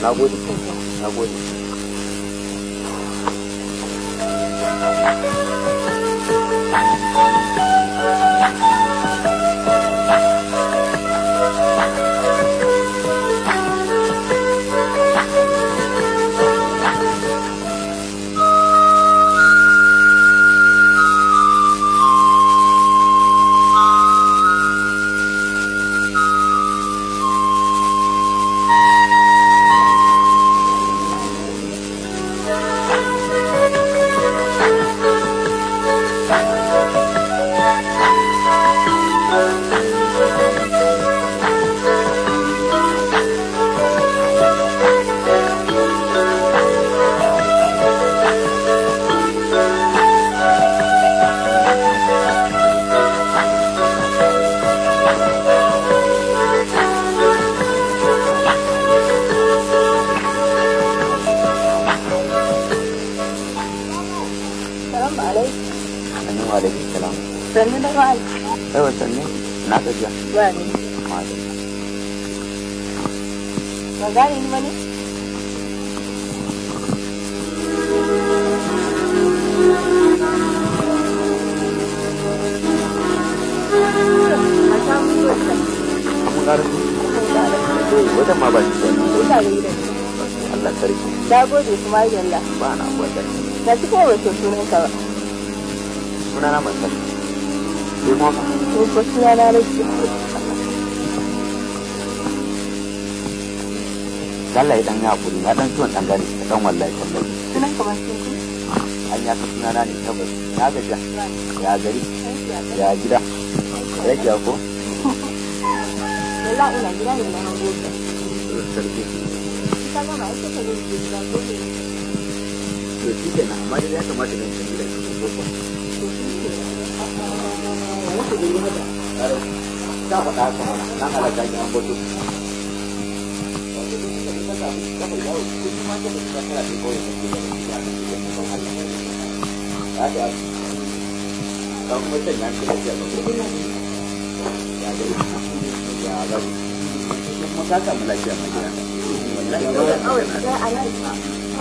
拿过去，拿过去。Madalla. Ba na gwadar. Na ci kawai ke sunan ka ba. Suna na mai sai. Ke suna na rage. Allah ya dan ya hakuri na dan ciwon dan gani dan wallahi wallahi. Sunan ka ba sai ku. An ya suna na ne tabbas. gaja. Ya gari. Ya gida. Rage ko. Wallahi ina gida ne na hango. Sarki. ma ita ta gidi da to shi kenan amma dai ya ya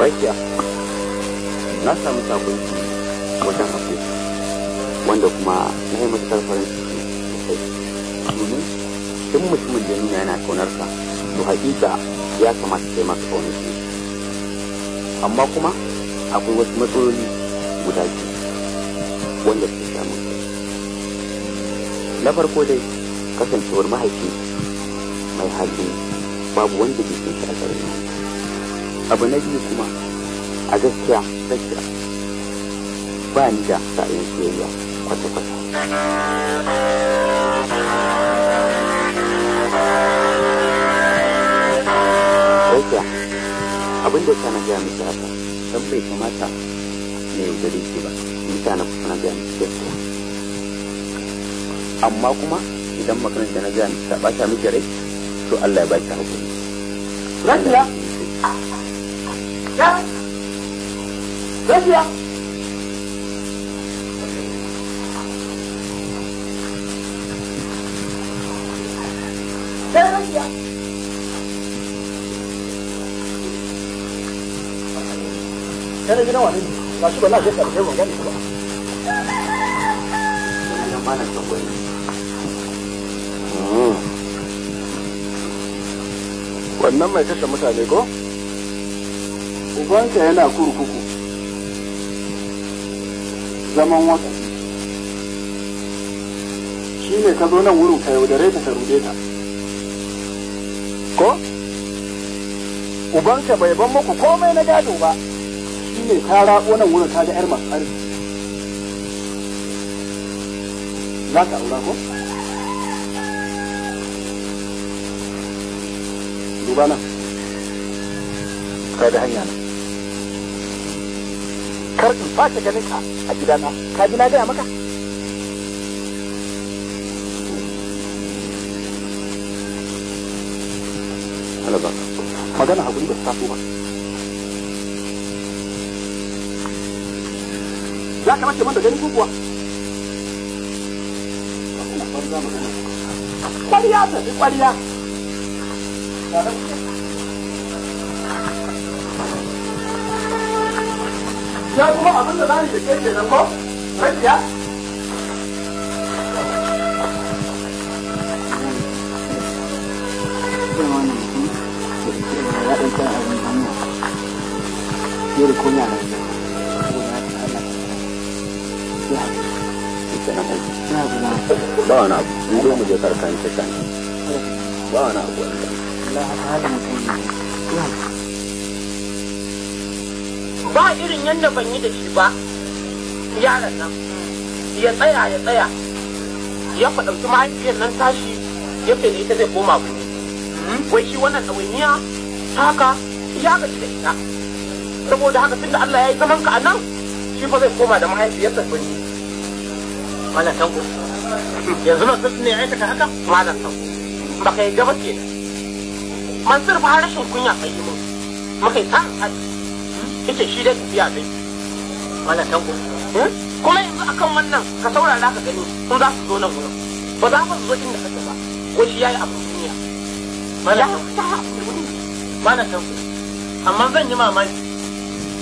Rakiya, na samu sabon wajen hafi wanda kuma na yi matuƙar farin ciki sosai. duk mutumin da nuna yana kaunarsa to hakika ya kamata kai masa kaunar shi amma kuma akwai wasu matsaloli guda biyu wanda ke samu na farko dai kasancewar mahaifi mai hali babu wanda ke shi a gare abu na biyu kuma a gaskiya gaskiya ba ni da sa'in soyayya kwata-kwata Dauka, abin da kana gaya miki haka, don bai kamata na yaudare ba, mutane na gaya miki Amma kuma idan makaranta na gaya miki ta miki rai, to Allah ya ba ki Hmm. wannan mai kashe mutane ko ubanka yana kurkuku zaman wata shi ne ka zo nan wurin ka yaudare ta ka rude ta ko ubanka bai ban muku komai na gado ba ne ta raɓo nan wurin ta ga yar masu arziki za ka aura ko duba nan kada hanya nan kar in fata ganin ka a gidana ka ji na gaya maka magana hakuri da ta ba ya kamata mun da gani kuwa kwariya ta fi kwariya ya kuma abin da za ni da ke kenan ko rabiya zo mu je karkan ta can ba na abu ba irin yadda ban yi da shi ba yaran nan ya tsaya ya tsaya ya kuma ɗauki mahaifiyar nan tashi ya da ita zai koma ku wai shi wannan ɗawainiya haka ya gaji da ita saboda haka tunda Allah ya yi zaman ka a nan shi fa zai koma da mahaifiyarsa kun ne Wannan tango. yanzu mansur ne ya aikata haka malam sau ba ka yadda ba ke mansur ba rashin kunya sai yi mun muka yi ta haɗi yake shi dai tafiya dai malam tanko hmm? kuma yanzu akan wannan ka saurara ka gani in za su zo nan wurin ba za ku zo inda kake ba ko shi yayi abu duniya malam tanko amma zan yi mamaki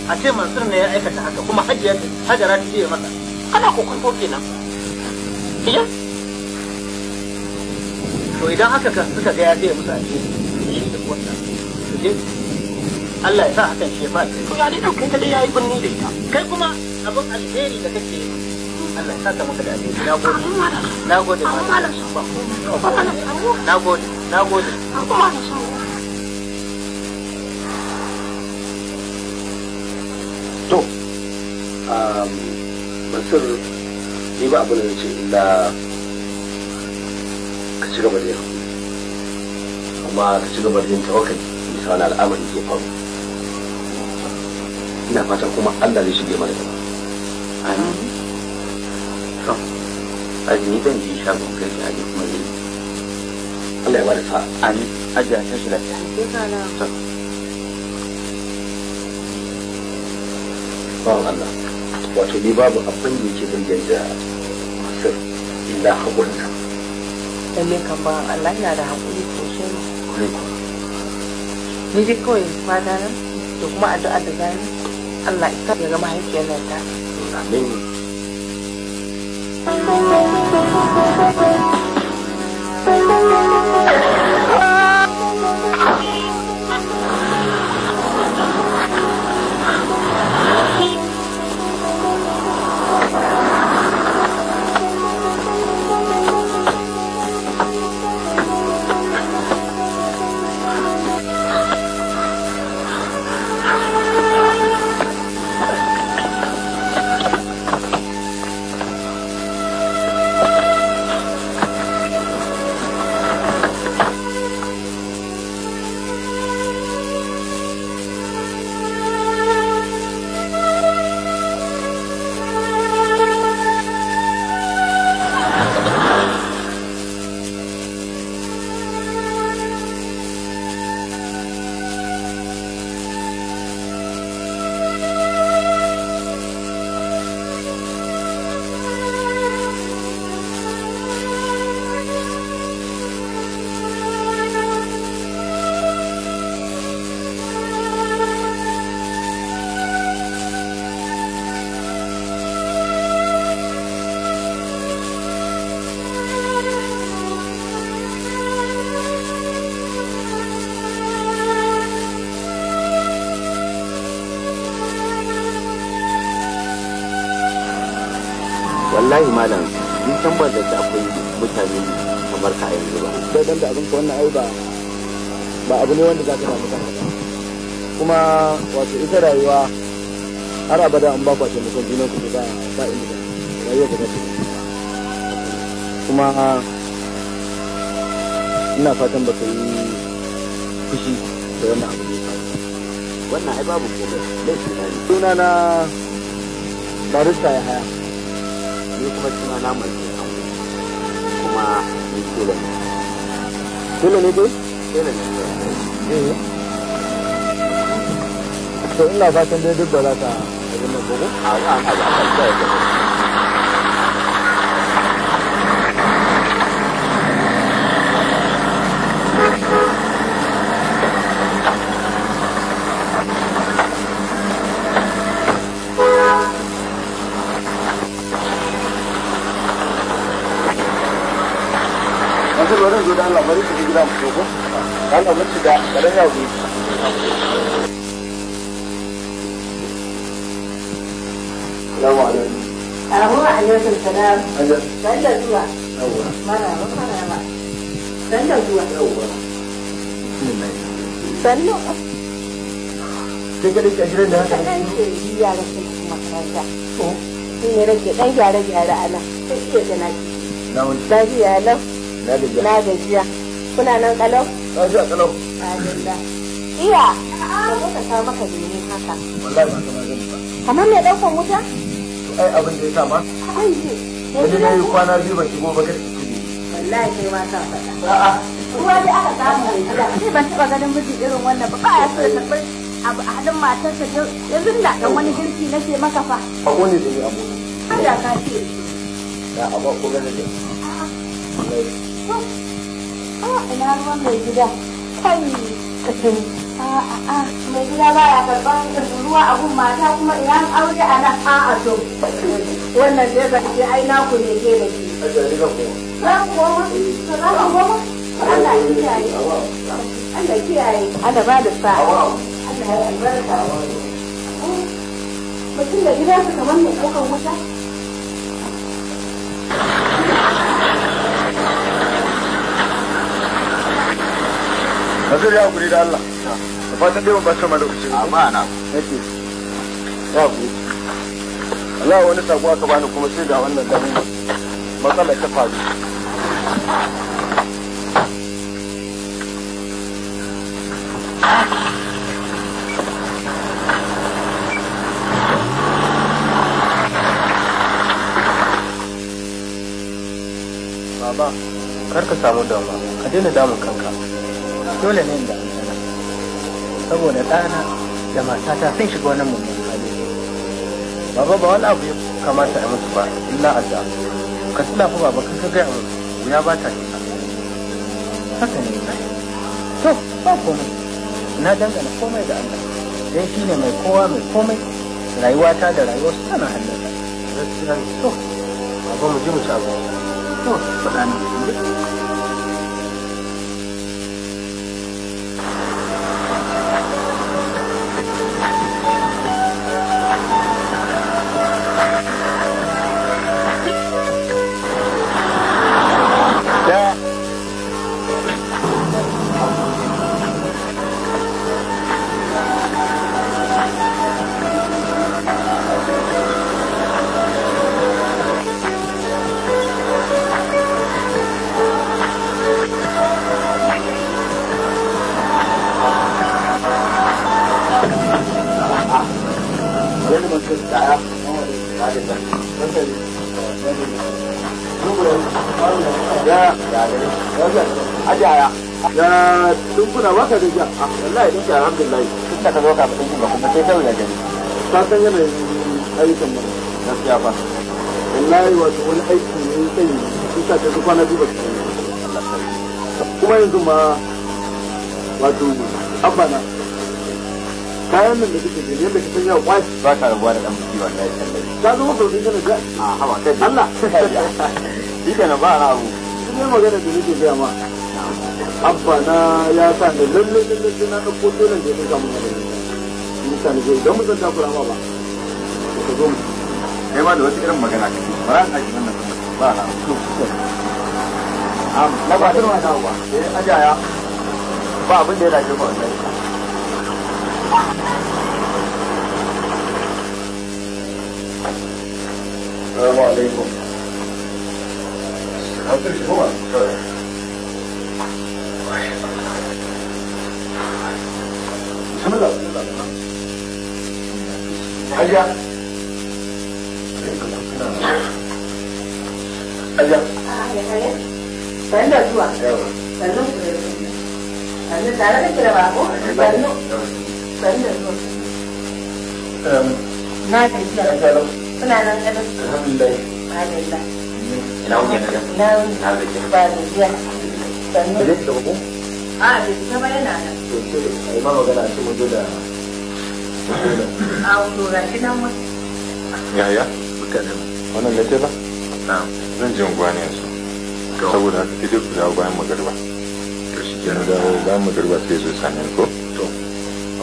a ce mansur ne ya aikata haka kuma hajjara ta ce masa kana kokonto kenan ya to idan haka kan suka ga ya zai musa ce shi da kwanta su je Allah ya sa hakan shi ya fa ko ya dai dauke ta dai yayi bunni da ita kai kuma abin alheri da kake Allah ya sa ka maka da alheri na gode na gode malam na gode na gode to um, Masir ni ba abin da na ce illa ka ci gaba da yau kuma ka ci gaba da yin tawakali bisa wani al'amari ke faru ina fata kuma Allah zai shige mana gaba amin to azumi zan ji shagon kai shi aje kuma zai Allah ya bada sa amin aje a tashi lafiya to Allah wato ni babu abin da yake birgen da masar illa haƙurinsa lalle kan ba Allah yana da haƙuri sosai ni dai kawai fata nan da kuma addu'a da zai Allah isa ya ga mahaifiyar nan ta amin Thank you. wallahi malam in san ba da akwai mutane kamar ka yanzu ba sai dan da abin ko wannan ai ba ba abu ne wanda za ka samu kanka kuma wato ita rayuwa har abada an ba ku taimakon junan ku ba ba inda rayuwa ba ta kuma ina fatan ba ka yi fushi da wannan abu ne wannan ai babu komai laifi na ne sunana barista ya haya ni kuma suna na mai kuma ni tela ne tela ne dai tela ne eh da Allah bari gida mu ko Allah bari da kadan yau ne Salamu alaikum. Abu alaikum salam. Dan da zuwa. Yawwa. Maraba maraba. Dan da zuwa. Yawwa. Sannu. Sai ka dinka da haka. Sannan ke oh. ne rage Sai da na gajiya kuna nan kalau gajiya kalau iya da kuka kawo maka domin haka wallahi ba kamar zan ba kamar mai daukan wuta ai abin da ya sa ma ai ne na yi kwana biyu ba shigo ba kai wallahi kai ma ka faɗa a'a ruwa da aka samu mai gida sai ban taɓa ganin miji irin wannan ba ba ya so ya karɓi a hannun matarsa ya da dan wani girki na ke maka fa a ne da ni abu Allah ka ce ya abu ko ganin da ina ruwan mai gida mai gida ruwa a mata kuma ina aure a nan a'a to wannan zai ke da shi za ku za Allah kiyaye Allah kiyaye ba da sa'a Allah ya albarka mutum da gidansa kamar mai ɗaukar wuta Nazir ya guri da Allah. Da fatan dai ba ba ma lokaci. Amma na. Nake. Ya guri. Allah wani sako aka bani kuma sai ga wannan dan matsala ta faru. Baba, kar ka samu damuwa, ka daina damun kanka. dole ne da saboda ɗana da matata sun shiga wani mummunan hali baba ba wani abu ya kamata a musu ba illa adda ka tuna fa baba kan ka gaya musu ya ba ta shiga haka ne to ba komai na dangana komai da Allah dai shi ne mai kowa mai komai rayuwata da rayuwar su tana hannunsa gaskiya to baba mu ji mu ci abu to faɗa ne mu ya tunkuna ba ka da ja a wallahi dinka alhamdulillah tun da ka zo ka fi ba kuma sai kawai gani ka san yanayin ayyukan ba gaskiya ba wallahi wato wani aiki ne sai da ka zo kwana biyu ba ka kuma yanzu ma wato abana kayan nan da yadda kwai ba ka rabuwa da dan ka zo kana ga a hawa kai Allah [LAUGHS] ba na abu magana da nake ga ma abba na ya sa ne lalle lalle na dauko da ka mu da ni ka don mu zanta kura ma ba ka zo kai ma da wata irin magana kake ba ka ji wannan ba na to am na ba da wata ba eh ba abin da ya dace ba السلام عليكم حضرتك هو بسم الله هيا هيا هيا هيا هيا Na tafiya. Kuna nan gadon. Alhamdulillah. Alhamdulillah. Ina wuce na Na wuce. Na gajiya. Ba gajiya. Sannu. Bai ta ko? A bai ta ba yana nan. To ce ai ma magana ce mu da. A wuce ga shi nan mu. Yaya? ce ba? Na'am. Zan je unguwa ne yanzu. Saboda haka sai dai ku dawo bayan magariba. To shi kenan. Dawo bayan magariba sai zo sanin ko?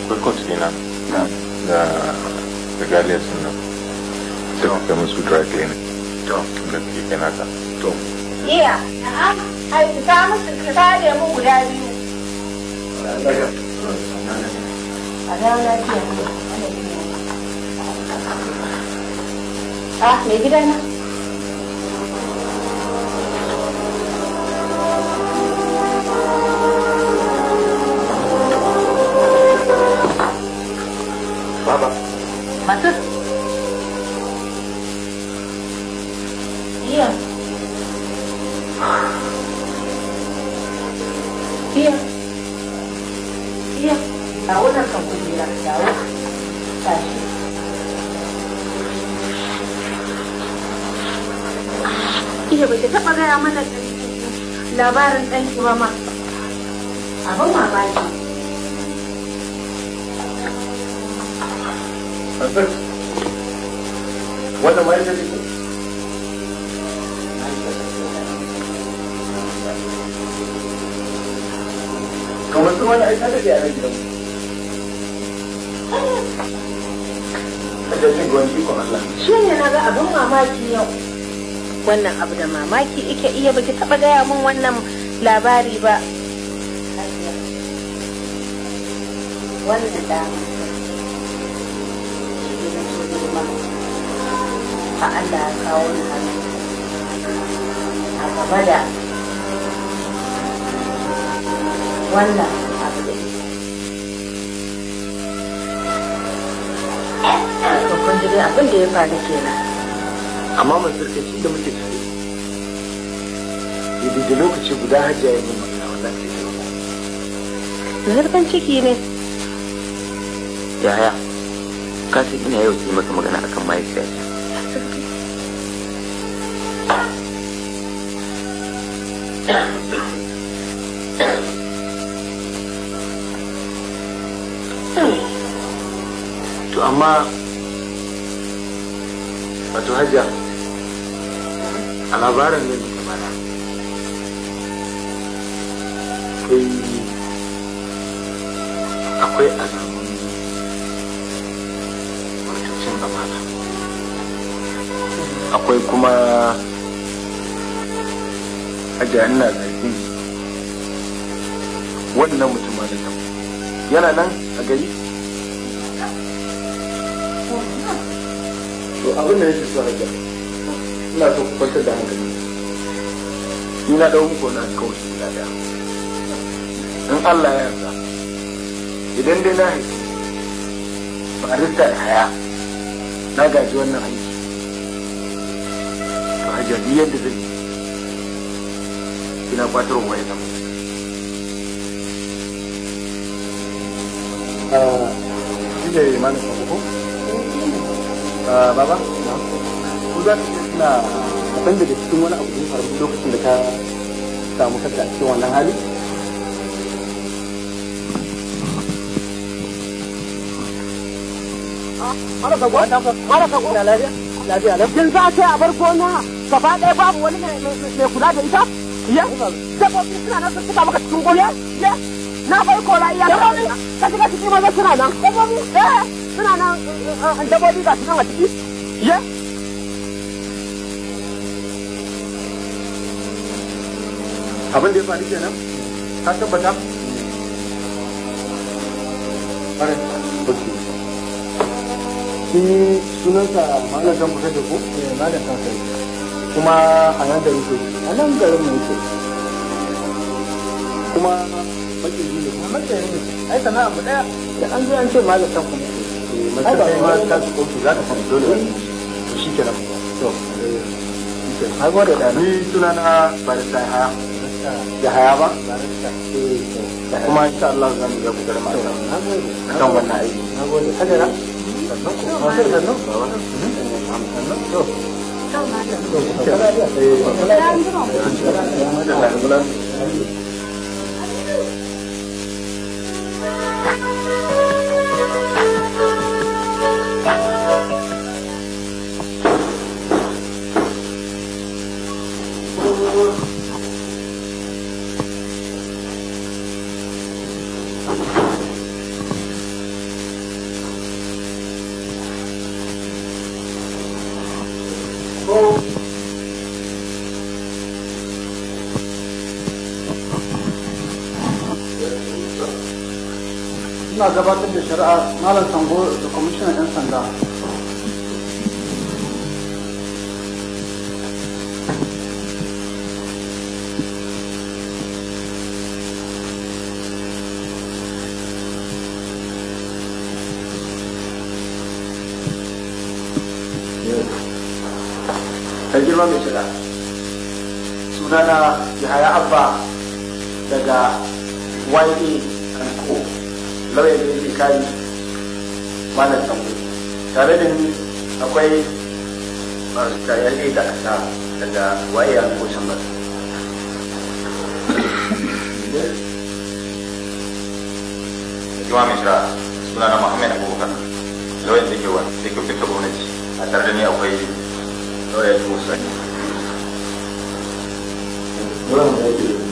akwai coach dina da da galiyar sun sai ka dry cleaning to da iya na'am musu ka kare guda biyu a gidana Baba. Masu. Iya. Iya. Iya. A wannan kan kujera dawo. Tashi. Iya ba taɓa gaya mana labarin ɗan ba ma. Abin mamaki. wannan ma yadda ne wani aika da gidan Allah shi ne na ga abin mamaki yau wannan abu da mamaki ike iya baki taba gaya min wannan labari ba wannan dama har Allah ya kawo ni a gaba da wannan abu da babban dare abin da ya faru kenan amma mai tsarkaci da muke tafi yadda da lokaci guda hajiya ya mun magana wannan sai da zarban ciki ne yaya ka san ina yau yi maka magana akan mahaifiyarta to amma wato hajja a labarin yin akwai akwai alamun wato cin amana akwai kuma ajiya ina zargin wannan mutum da ta yana nan a gari to abin da yake so ajiya ina so ku kwantar da hankali ni na dawo muku wani alkawari guda daya in Allah ya yarda idan dai na haifi ba rista da haya na gaji wannan aiki to hajiya yadda zai yi na cuatro bueno. Ah, dile mami Ah, baba, na. Ku za ka tuna abin daga cikin wani abu da lokacin da ka samu kanka a cikin wannan hali? Mara kago? Mara kago? Lafiya? Lafiya? Yanzu a ce a bar gona gaba ɗaya babu wani mai kula da ita? ya dabbobi na farko la iya dabbobi ka shiga cikin maza suna suna abin da ya faru kenan ka tabbata ƙwarai sunansa malam kan kusa da ko? malam kuma a nan da yake a nan garin mai kuma ne kuma ne ai sana'a mu daya da an zo an ce malam kuma eh, ba ma za ka dole eh. shi to eh, da ni barista da haya ba kuma Allah zan yi ku garma kan wannan aiki nagode mm-hmm. sannan sannan Thank you. suna gabatar da shari'a malam sango da kwamishinan 'yan sanda ta girma mai shiga sunana yahaya abba daga ya lauyan da yake kari malam tambo tare da ni akwai masu tayar da ta daga waya ko sambar Juma Mishra suna na Muhammad Abubakar lauyan da ke wa da ke fita gwamnati a tare da ni akwai lauyan Musa. Wurin da yake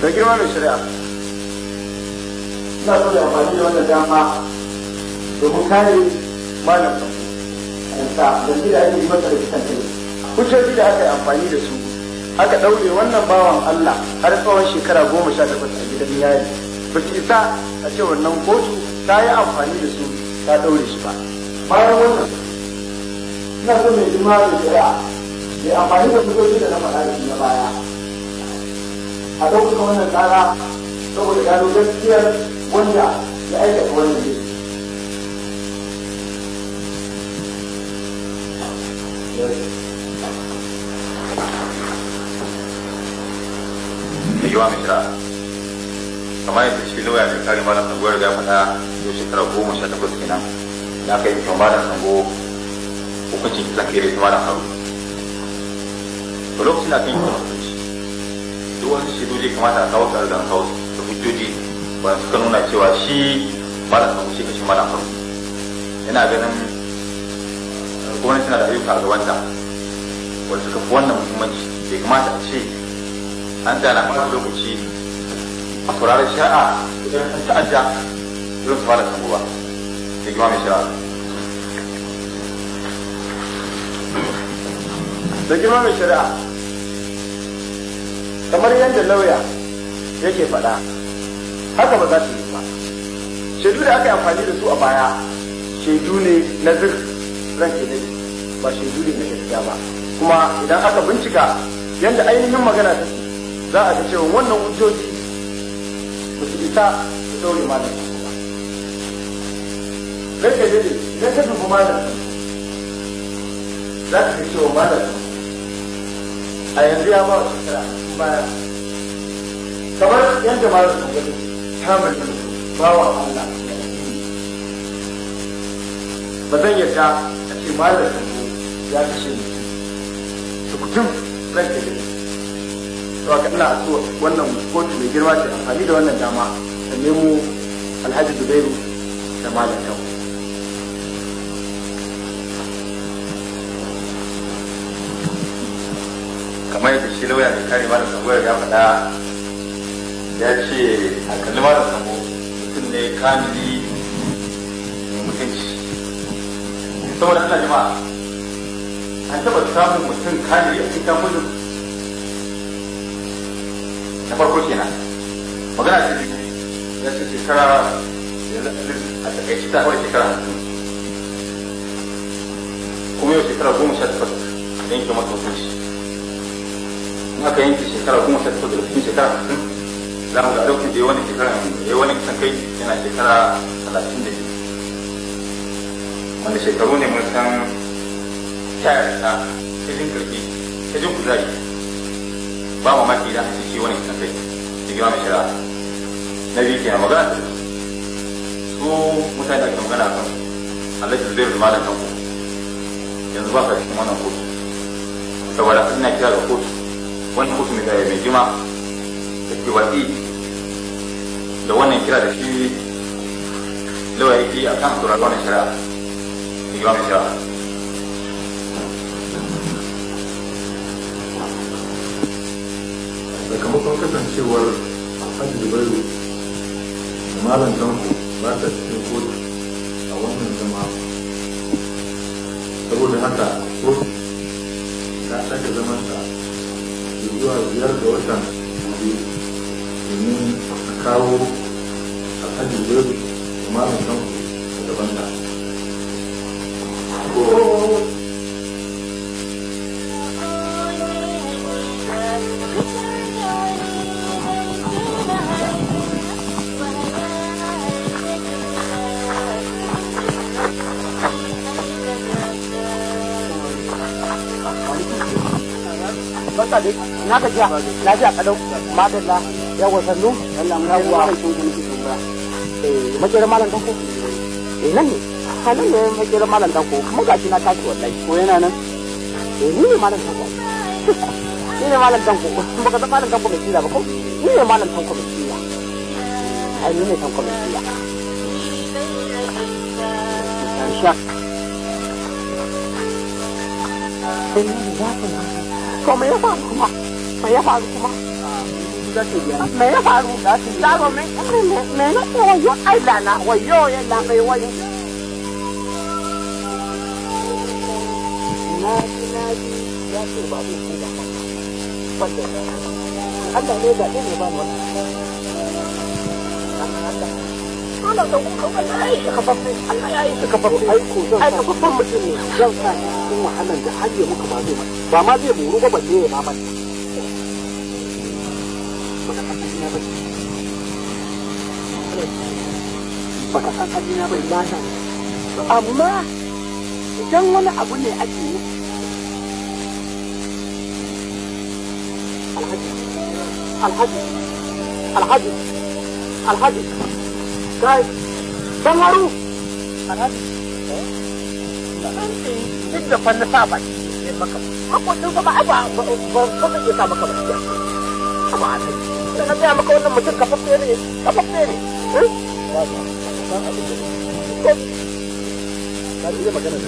da girma mai shari'a ina so da amfani da wannan dama domin kare malam kansa da shi da ake yi masa da kisan kai hujjoji da aka yi amfani da su aka ɗaure wannan bawan Allah har tsawon shekara goma sha takwas a gidan yari ba su isa a ce wannan kotu ta yi amfani da su ta ɗaure shi ba bayan wannan ina so mai girma mai shari'a mai amfani da hujjoji da na faɗa da shi na baya a ɗaukaka wannan tsara saboda gano gaskiyar wanda ya aikata wannan ne yiwa mishra kamar yadda shi lauya mai kare malam sango ya faɗa yau shekara goma sha takwas kenan na kai mutum malam sango hukuncin kisan kere su malam haru lokacin da kan yi duk shi shidoji kamata a kawo tare da kawo da hujjoji ba suka nuna cewa shi malam farko shi kashin malam farko yana ganin gwamnati tana da ayyuka a gabanta wanda suka fi wannan muhimmanci bai kamata a ce an da na fara lokaci a turare sha'a idan an ta'adda irin su malam farko ba da gima mai shara'a da girma mai shari'a kamar yadda lauya yake faɗa haka ba za su yi ba shaidu da aka yi amfani da su a baya shaidu ne na zir ranke ne ba shaidu ne na gaskiya ba kuma idan aka bincika yadda ainihin magana ta za a ga cewa wannan hujjoji ba su isa su ɗaure malam ba ranke ne idan ka dubi malam za ka ga cewa malam a yanzu ya ba wa shekara baya kamar yadda ma da gani kamar da bawa Allah ba zan yadda a ce malar kanku ya kashe ni tukutum zan ke gani to a ina so wannan kotu mai girma ce amfani da wannan dama ta nemo alhaji zubairu da malam yau kamar yadda shi lauya da kare malam sabo ya faɗa ya ce a kalli malam sabo mutum ne kamili mutunci saboda ana jama'a an taɓa samun mutum kamili a cikin kamfanin na farko kenan magana ce biyu ya ce shekara a takaici ta kawai shekara kuma yau shekara goma sha takwas yankin masa mutunci aka yanke shekara kuma ta fito da cikin shekara hamsin za mu ga lokacin da ya wani shekara ya wani kusan kai yana shekara talatin da biyu wanda shekaru ne mun san tayar ta ta jin karfi ta jin kuzari ba mafi idan hasi shi wani kusan kai da girma mai shara na biyu na magana ta su mutane da magana kan Allah ya zai rubuta da kanku yanzu ba ka cikin wannan kotu saboda na kira da kotu wani hukumi da ya mai jima da ke waɗi da wannan kira da shi lawa yake a kan da wannan shari'a da yawa mai shari'a sakamakon kasancewar hajji da bayu da malam danko ba ta cikin kotu a wannan zama saboda haka kotu ta sake ta. zuwa biyar ga watan gobe domin akan juga alhaji zurbi ada benda. Thank you. na ka jiya lafiya kalau madalla yawa sannu yawa makera malam danko eh nan ne halin ne makera malam danko kuma gashi na tashi wallahi ko yana nan eh ni ne malam danko ni ne malam danko kuma ka malam danko mai tsira ba ko ni ne malam danko mai tsira ai ni ne danko mai tsira sha Thank you. 我没有办法。me ya faru kuma me ya faru yaro me me na na ji na ji ya ce ba zai ce da ba ka fafe Allah yi ba ka san hajjina bai mata amma idan wani abu ne ake yi alhaji alhaji alhaji kai dan haru alhaji duk da fanni sa ba ne maka makwacin ba ba ba ba ba iya ba maka ba ba alhaji ba gaya ba wannan ba kafaffe ba kafaffe ba san abin magana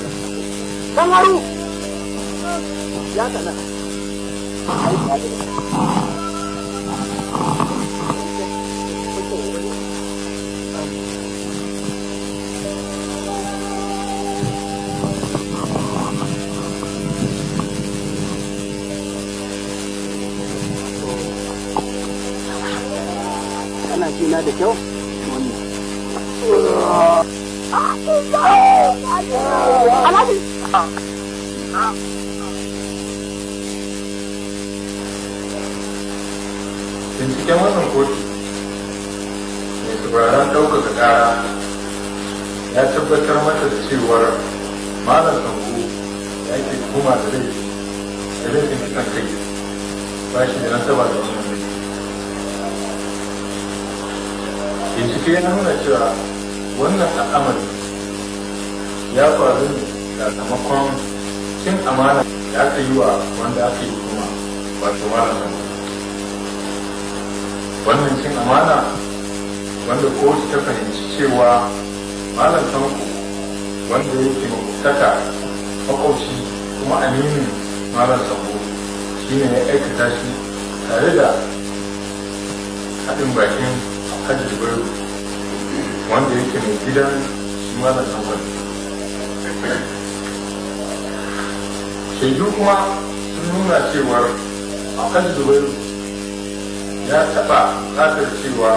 na da kyau binciken wannan kotu mai sauraron ɗaukaka ƙara ya tabbatar mata da cewar malam sanko ya ke kuma da laifi da laifin kisan kai ba shi da nasaba da wannan bincike ya nuna cewa wannan al'amari ya faru sakamakon cin amana da aka yi wa wanda aka yi kuma wato malamin wannan cin amana wanda kowace ta fahimci cewa malam tanko wanda yake makwabtaka makwauci kuma aminin malam sabo shi ne ya aikata shi tare da haɗin bakin hajji bayo wanda yake mai gidan shi malam tanko shaidu kuma sun nuna cewar a kan zubairu ya taɓa ƙasar cewa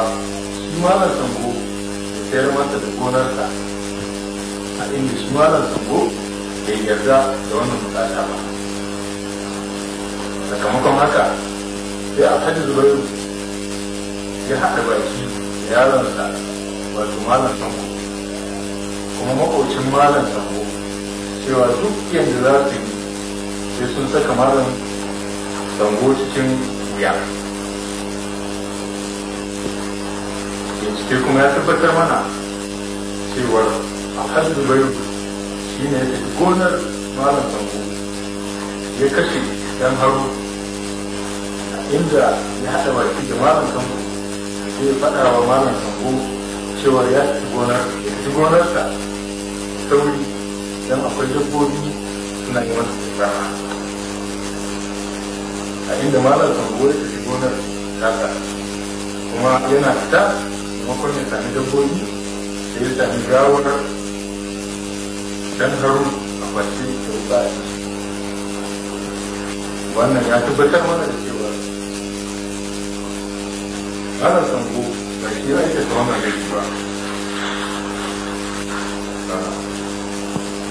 shi malar sango da sayar mata da gonarsa a inda shi malar sango bai yarda da wannan bukata ba sakamakon haka sai a kan zubairu ya haɗa baki da yaronsa wato malar sango kuma maƙocin malar sango cewa duk yadda za su sai sun saka malam sango cikin wuya bincike kuma ya tabbatar mana cewar alhaji zubairu shi ne ya gonar malam sango ya kashe dan haro inda ya haɗa baki da malam sango sai ya faɗawa wa malam sango cewa ya ci gonar ya sauri idan akwai dabbobi suna yi wani tsara a inda malar tambo ya tafi gonar tasa kuma yana fita maimakon ya sami dabbobi da ya sami gawar dan haru a kwace da wuka a wannan ya tabbatar mana da cewa malar tambo ba shi ya aikata wannan laifi ba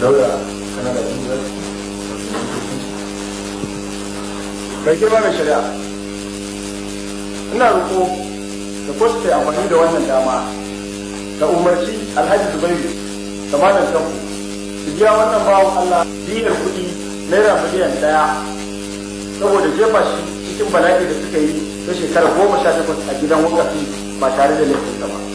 daura kana da inda girma mai shari'a ina roƙo da ko ta amfani da wannan dama ta umarci alhaji zubairu da malam tanku su biya wannan bawan allah biyar kuɗi naira miliyan ɗaya saboda jefa shi cikin bala'i da suka yi ta shekara goma sha takwas a gidan wakafi ba tare da laifin ba.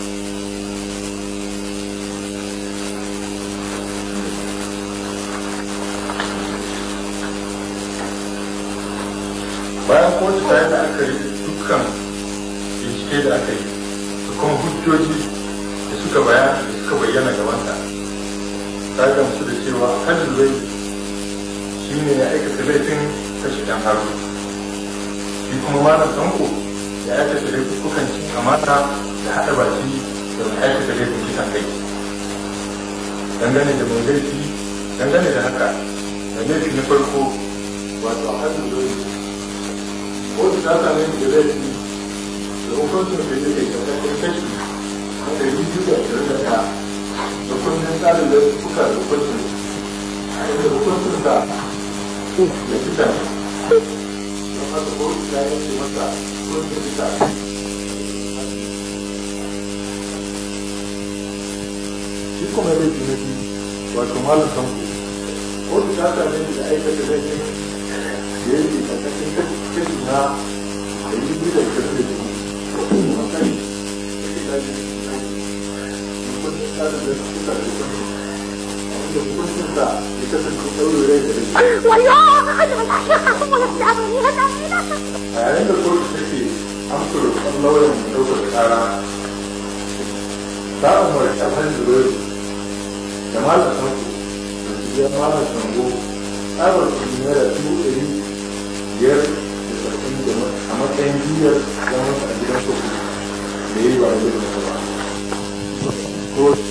kotu ta da aka yi dukkan bincike da aka yi da kuma hujjoji da suka bayyana gabanta ta gamsu da cewa kanin zai shi ne ya aikata laifin kashe ɗan haru shi kuma malam sanko ya aikata laifukan cin amata da haɗa baki da mai aikata laifin kisan kai dangane da mai laifi dangane da haka da laifi na farko wato a hannun zai wata ta same ni da laifi da hukuncin da yake karkashin kashi na ɗari biyu da ashirin da ɗaya da kundin tsarin da suka da hukuncin a inda hukuncin da ya ta masa kuma malam da ta same da aikata zai yi da 政府呢，唯一的一个对立，我们现在无关现在的现在的无关，我们无关现在一个政府都有类似的。我哟，哎呀，我要吓死你了，你呢？哎，那都是这些，他们都是他们老人都是他啦，咱们小孩子都，小孩子成，小孩子成功，俺们现在都属于也。matsayin biyar zaman a gidan kurkuku da yi ba da da